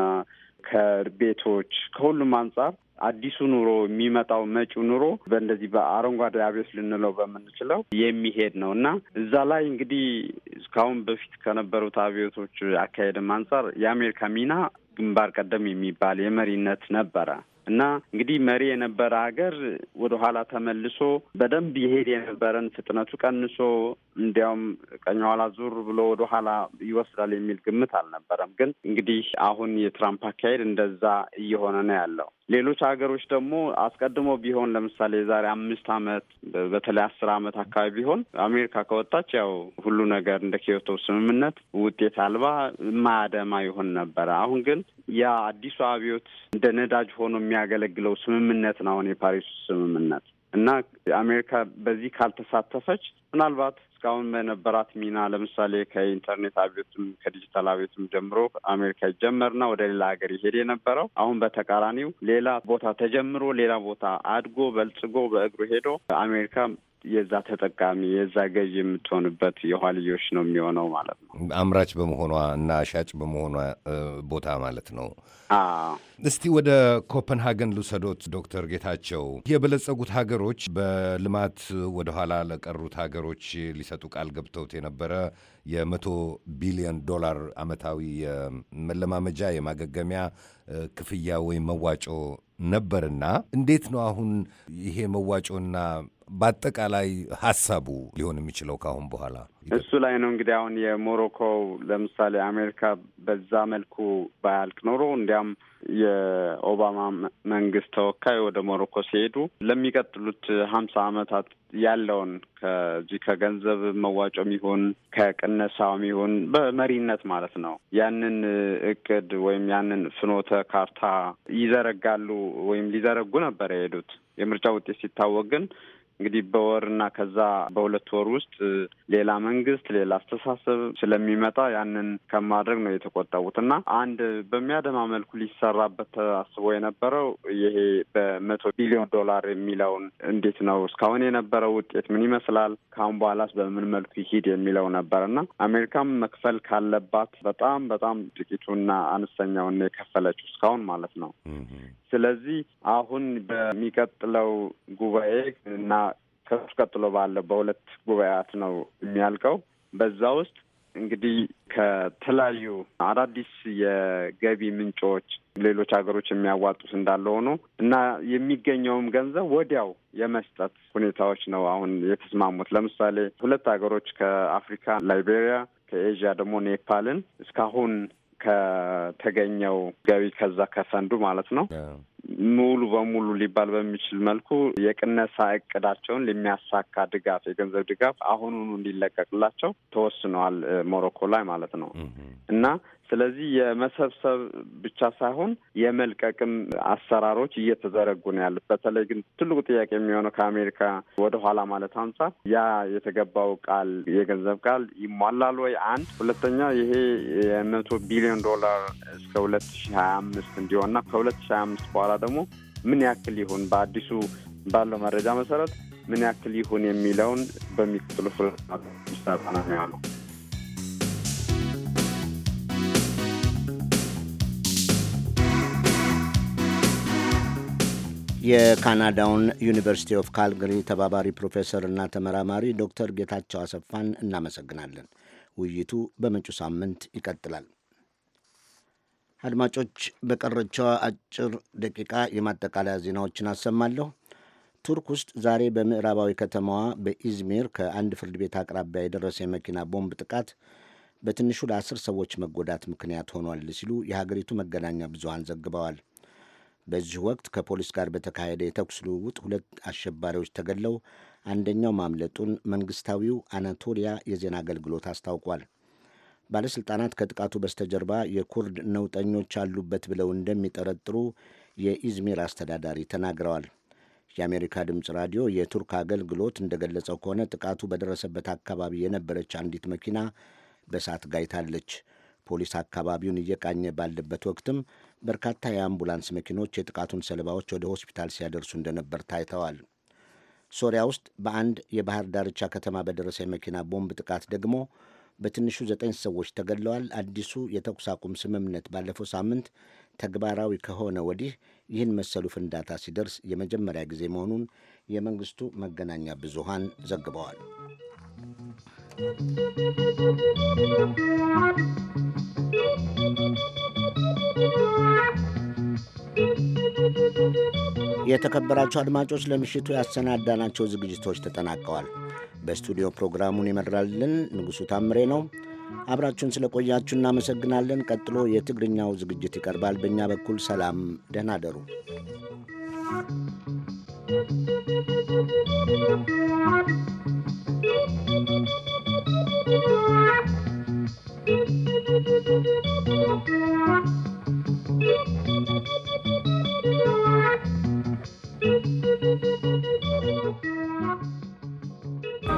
ከቤቶች፣ ከሁሉም አንጻር አዲሱ ኑሮ የሚመጣው መጪው ኑሮ በእንደዚህ በአረንጓዴ አብዮት ልንለው በምንችለው የሚሄድ ነው እና እዛ ላይ እንግዲህ እስካሁን በፊት ከነበሩት አብዮቶች አካሄድም አንጻር የአሜሪካ ሚና ግንባር ቀደም የሚባል የመሪነት ነበረ እና እንግዲህ መሪ የነበረ ሀገር ወደኋላ ተመልሶ በደንብ ይሄድ የነበረን ፍጥነቱ ቀንሶ እንዲያውም ቀኝ ኋላ ዙር ብሎ ወደ ኋላ ይወስዳል የሚል ግምት አልነበረም። ግን እንግዲህ አሁን የትራምፕ አካሄድ እንደዛ እየሆነ ነው ያለው። ሌሎች ሀገሮች ደግሞ አስቀድሞ ቢሆን ለምሳሌ የዛሬ አምስት ዓመት በተለይ አስር ዓመት አካባቢ ቢሆን አሜሪካ ከወጣች ያው ሁሉ ነገር እንደ ኪዮቶ ስምምነት ውጤት አልባ ማያደማ ይሆን ነበረ። አሁን ግን ያ አዲሱ አብዮት እንደ ነዳጅ ሆኖ የሚያገለግለው ስምምነት ነው አሁን የፓሪሱ ስምምነት እና አሜሪካ በዚህ ካልተሳተፈች ምናልባት እስካሁን በነበራት ሚና ለምሳሌ ከኢንተርኔት አብዮትም ከዲጂታል አብዮትም ጀምሮ አሜሪካ ይጀመርና ወደ ሌላ ሀገር ይሄድ የነበረው አሁን በተቃራኒው ሌላ ቦታ ተጀምሮ ሌላ ቦታ አድጎ በልጽጎ በእግሩ ሄዶ አሜሪካ የዛ ተጠቃሚ የዛ ገዥ የምትሆንበት የኋልዮሽ ነው የሚሆነው ማለት ነው። አምራች በመሆኗ እና ሻጭ በመሆኗ ቦታ ማለት ነው። እስቲ ወደ ኮፐንሃገን ልውሰዶት ዶክተር ጌታቸው። የበለጸጉት ሀገሮች በልማት ወደኋላ ለቀሩት ሀገሮች ሊሰጡ ቃል ገብተውት የነበረ የመቶ ቢሊዮን ዶላር ዓመታዊ የመለማመጃ የማገገሚያ ክፍያ ወይም መዋጮ ነበርና እንዴት ነው አሁን ይሄ መዋጮና በአጠቃላይ ሀሳቡ ሊሆን የሚችለው ከአሁን በኋላ እሱ ላይ ነው። እንግዲህ አሁን የሞሮኮ ለምሳሌ አሜሪካ በዛ መልኩ ባያልቅ ኖሮ እንዲያም የኦባማ መንግስት ተወካይ ወደ ሞሮኮ ሲሄዱ ለሚቀጥሉት ሀምሳ አመታት ያለውን ከዚህ ከገንዘብ መዋጮም ይሁን ከቅነሳውም ይሁን በመሪነት ማለት ነው ያንን እቅድ ወይም ያንን ፍኖተ ካርታ ይዘረጋሉ ወይም ሊዘረጉ ነበር የሄዱት። የምርጫ ውጤት ሲታወቅ ግን እንግዲህ በወር እና ከዛ በሁለት ወር ውስጥ ሌላ መንግስት፣ ሌላ አስተሳሰብ ስለሚመጣ ያንን ከማድረግ ነው የተቆጠቡት እና አንድ በሚያደማ መልኩ ሊሰራበት ተስቦ የነበረው ይሄ በመቶ ቢሊዮን ዶላር የሚለውን እንዴት ነው እስካሁን የነበረው ውጤት ምን ይመስላል፣ ከአሁን በኋላስ በምን መልኩ ይሂድ የሚለው ነበር እና አሜሪካም መክፈል ካለባት በጣም በጣም ጥቂቱና አነስተኛውን የከፈለችው እስካሁን ማለት ነው። ስለዚህ አሁን በሚቀጥለው ጉባኤ እና ከሱ ቀጥሎ ባለ በሁለት ጉባኤያት ነው የሚያልቀው። በዛ ውስጥ እንግዲህ ከተለያዩ አዳዲስ የገቢ ምንጮች ሌሎች ሀገሮች የሚያዋጡት እንዳለ ሆኖ እና የሚገኘውም ገንዘብ ወዲያው የመስጠት ሁኔታዎች ነው አሁን የተስማሙት። ለምሳሌ ሁለት ሀገሮች ከአፍሪካ ላይቤሪያ፣ ከኤዥያ ደግሞ ኔፓልን እስካሁን ከተገኘው ገቢ ከዛ ከፈንዱ ማለት ነው ሙሉ በሙሉ ሊባል በሚችል መልኩ የቅነሳ እቅዳቸውን የሚያሳካ ድጋፍ የገንዘብ ድጋፍ አሁኑኑ እንዲለቀቅላቸው ተወስነዋል ሞሮኮ ላይ ማለት ነው እና ስለዚህ የመሰብሰብ ብቻ ሳይሆን የመልቀቅም አሰራሮች እየተዘረጉ ነው ያሉት። በተለይ ግን ትልቁ ጥያቄ የሚሆነው ከአሜሪካ ወደ ኋላ ማለት አንጻር ያ የተገባው ቃል የገንዘብ ቃል ይሟላል ወይ? አንድ ሁለተኛ ይሄ የመቶ ቢሊዮን ዶላር እስከ ሁለት ሺ ሀያ አምስት እንዲሆንና ከሁለት ሺ ሀያ አምስት በኋላ ደግሞ ምን ያክል ይሁን በአዲሱ ባለው መረጃ መሰረት ምን ያክል ይሁን የሚለውን በሚቀጥሉ ፍልጠና ነው። የካናዳውን ዩኒቨርሲቲ ኦፍ ካልግሪ ተባባሪ ፕሮፌሰር እና ተመራማሪ ዶክተር ጌታቸው አሰፋን እናመሰግናለን። ውይይቱ በመጪው ሳምንት ይቀጥላል። አድማጮች በቀረቸው አጭር ደቂቃ የማጠቃለያ ዜናዎችን አሰማለሁ። ቱርክ ውስጥ ዛሬ በምዕራባዊ ከተማዋ በኢዝሚር ከአንድ ፍርድ ቤት አቅራቢያ የደረሰ የመኪና ቦምብ ጥቃት በትንሹ ለአስር ሰዎች መጎዳት ምክንያት ሆኗል ሲሉ የሀገሪቱ መገናኛ ብዙሃን ዘግበዋል። በዚህ ወቅት ከፖሊስ ጋር በተካሄደ የተኩስ ልውውጥ ሁለት አሸባሪዎች ተገድለው አንደኛው ማምለጡን መንግስታዊው አናቶሊያ የዜና አገልግሎት አስታውቋል። ባለሥልጣናት ከጥቃቱ በስተጀርባ የኩርድ ነውጠኞች አሉበት ብለው እንደሚጠረጥሩ የኢዝሚር አስተዳዳሪ ተናግረዋል። የአሜሪካ ድምፅ ራዲዮ የቱርክ አገልግሎት እንደገለጸው ከሆነ ጥቃቱ በደረሰበት አካባቢ የነበረች አንዲት መኪና በእሳት ጋይታለች። ፖሊስ አካባቢውን እየቃኘ ባለበት ወቅትም በርካታ የአምቡላንስ መኪኖች የጥቃቱን ሰለባዎች ወደ ሆስፒታል ሲያደርሱ እንደነበር ታይተዋል። ሶሪያ ውስጥ በአንድ የባህር ዳርቻ ከተማ በደረሰ የመኪና ቦምብ ጥቃት ደግሞ በትንሹ ዘጠኝ ሰዎች ተገድለዋል። አዲሱ የተኩስ አቁም ስምምነት ባለፈው ሳምንት ተግባራዊ ከሆነ ወዲህ ይህን መሰሉ ፍንዳታ ሲደርስ የመጀመሪያ ጊዜ መሆኑን የመንግስቱ መገናኛ ብዙሃን ዘግበዋል። የተከበራቸው አድማጮች ለምሽቱ ያሰናዳናቸው ዝግጅቶች ተጠናቀዋል። በስቱዲዮ ፕሮግራሙን ይመራልን ንጉሡ ታምሬ ነው። አብራችሁን ስለቆያችሁ እናመሰግናለን። ቀጥሎ የትግርኛው ዝግጅት ይቀርባል። በእኛ በኩል ሰላም፣ ደህና አደሩ። Thank you.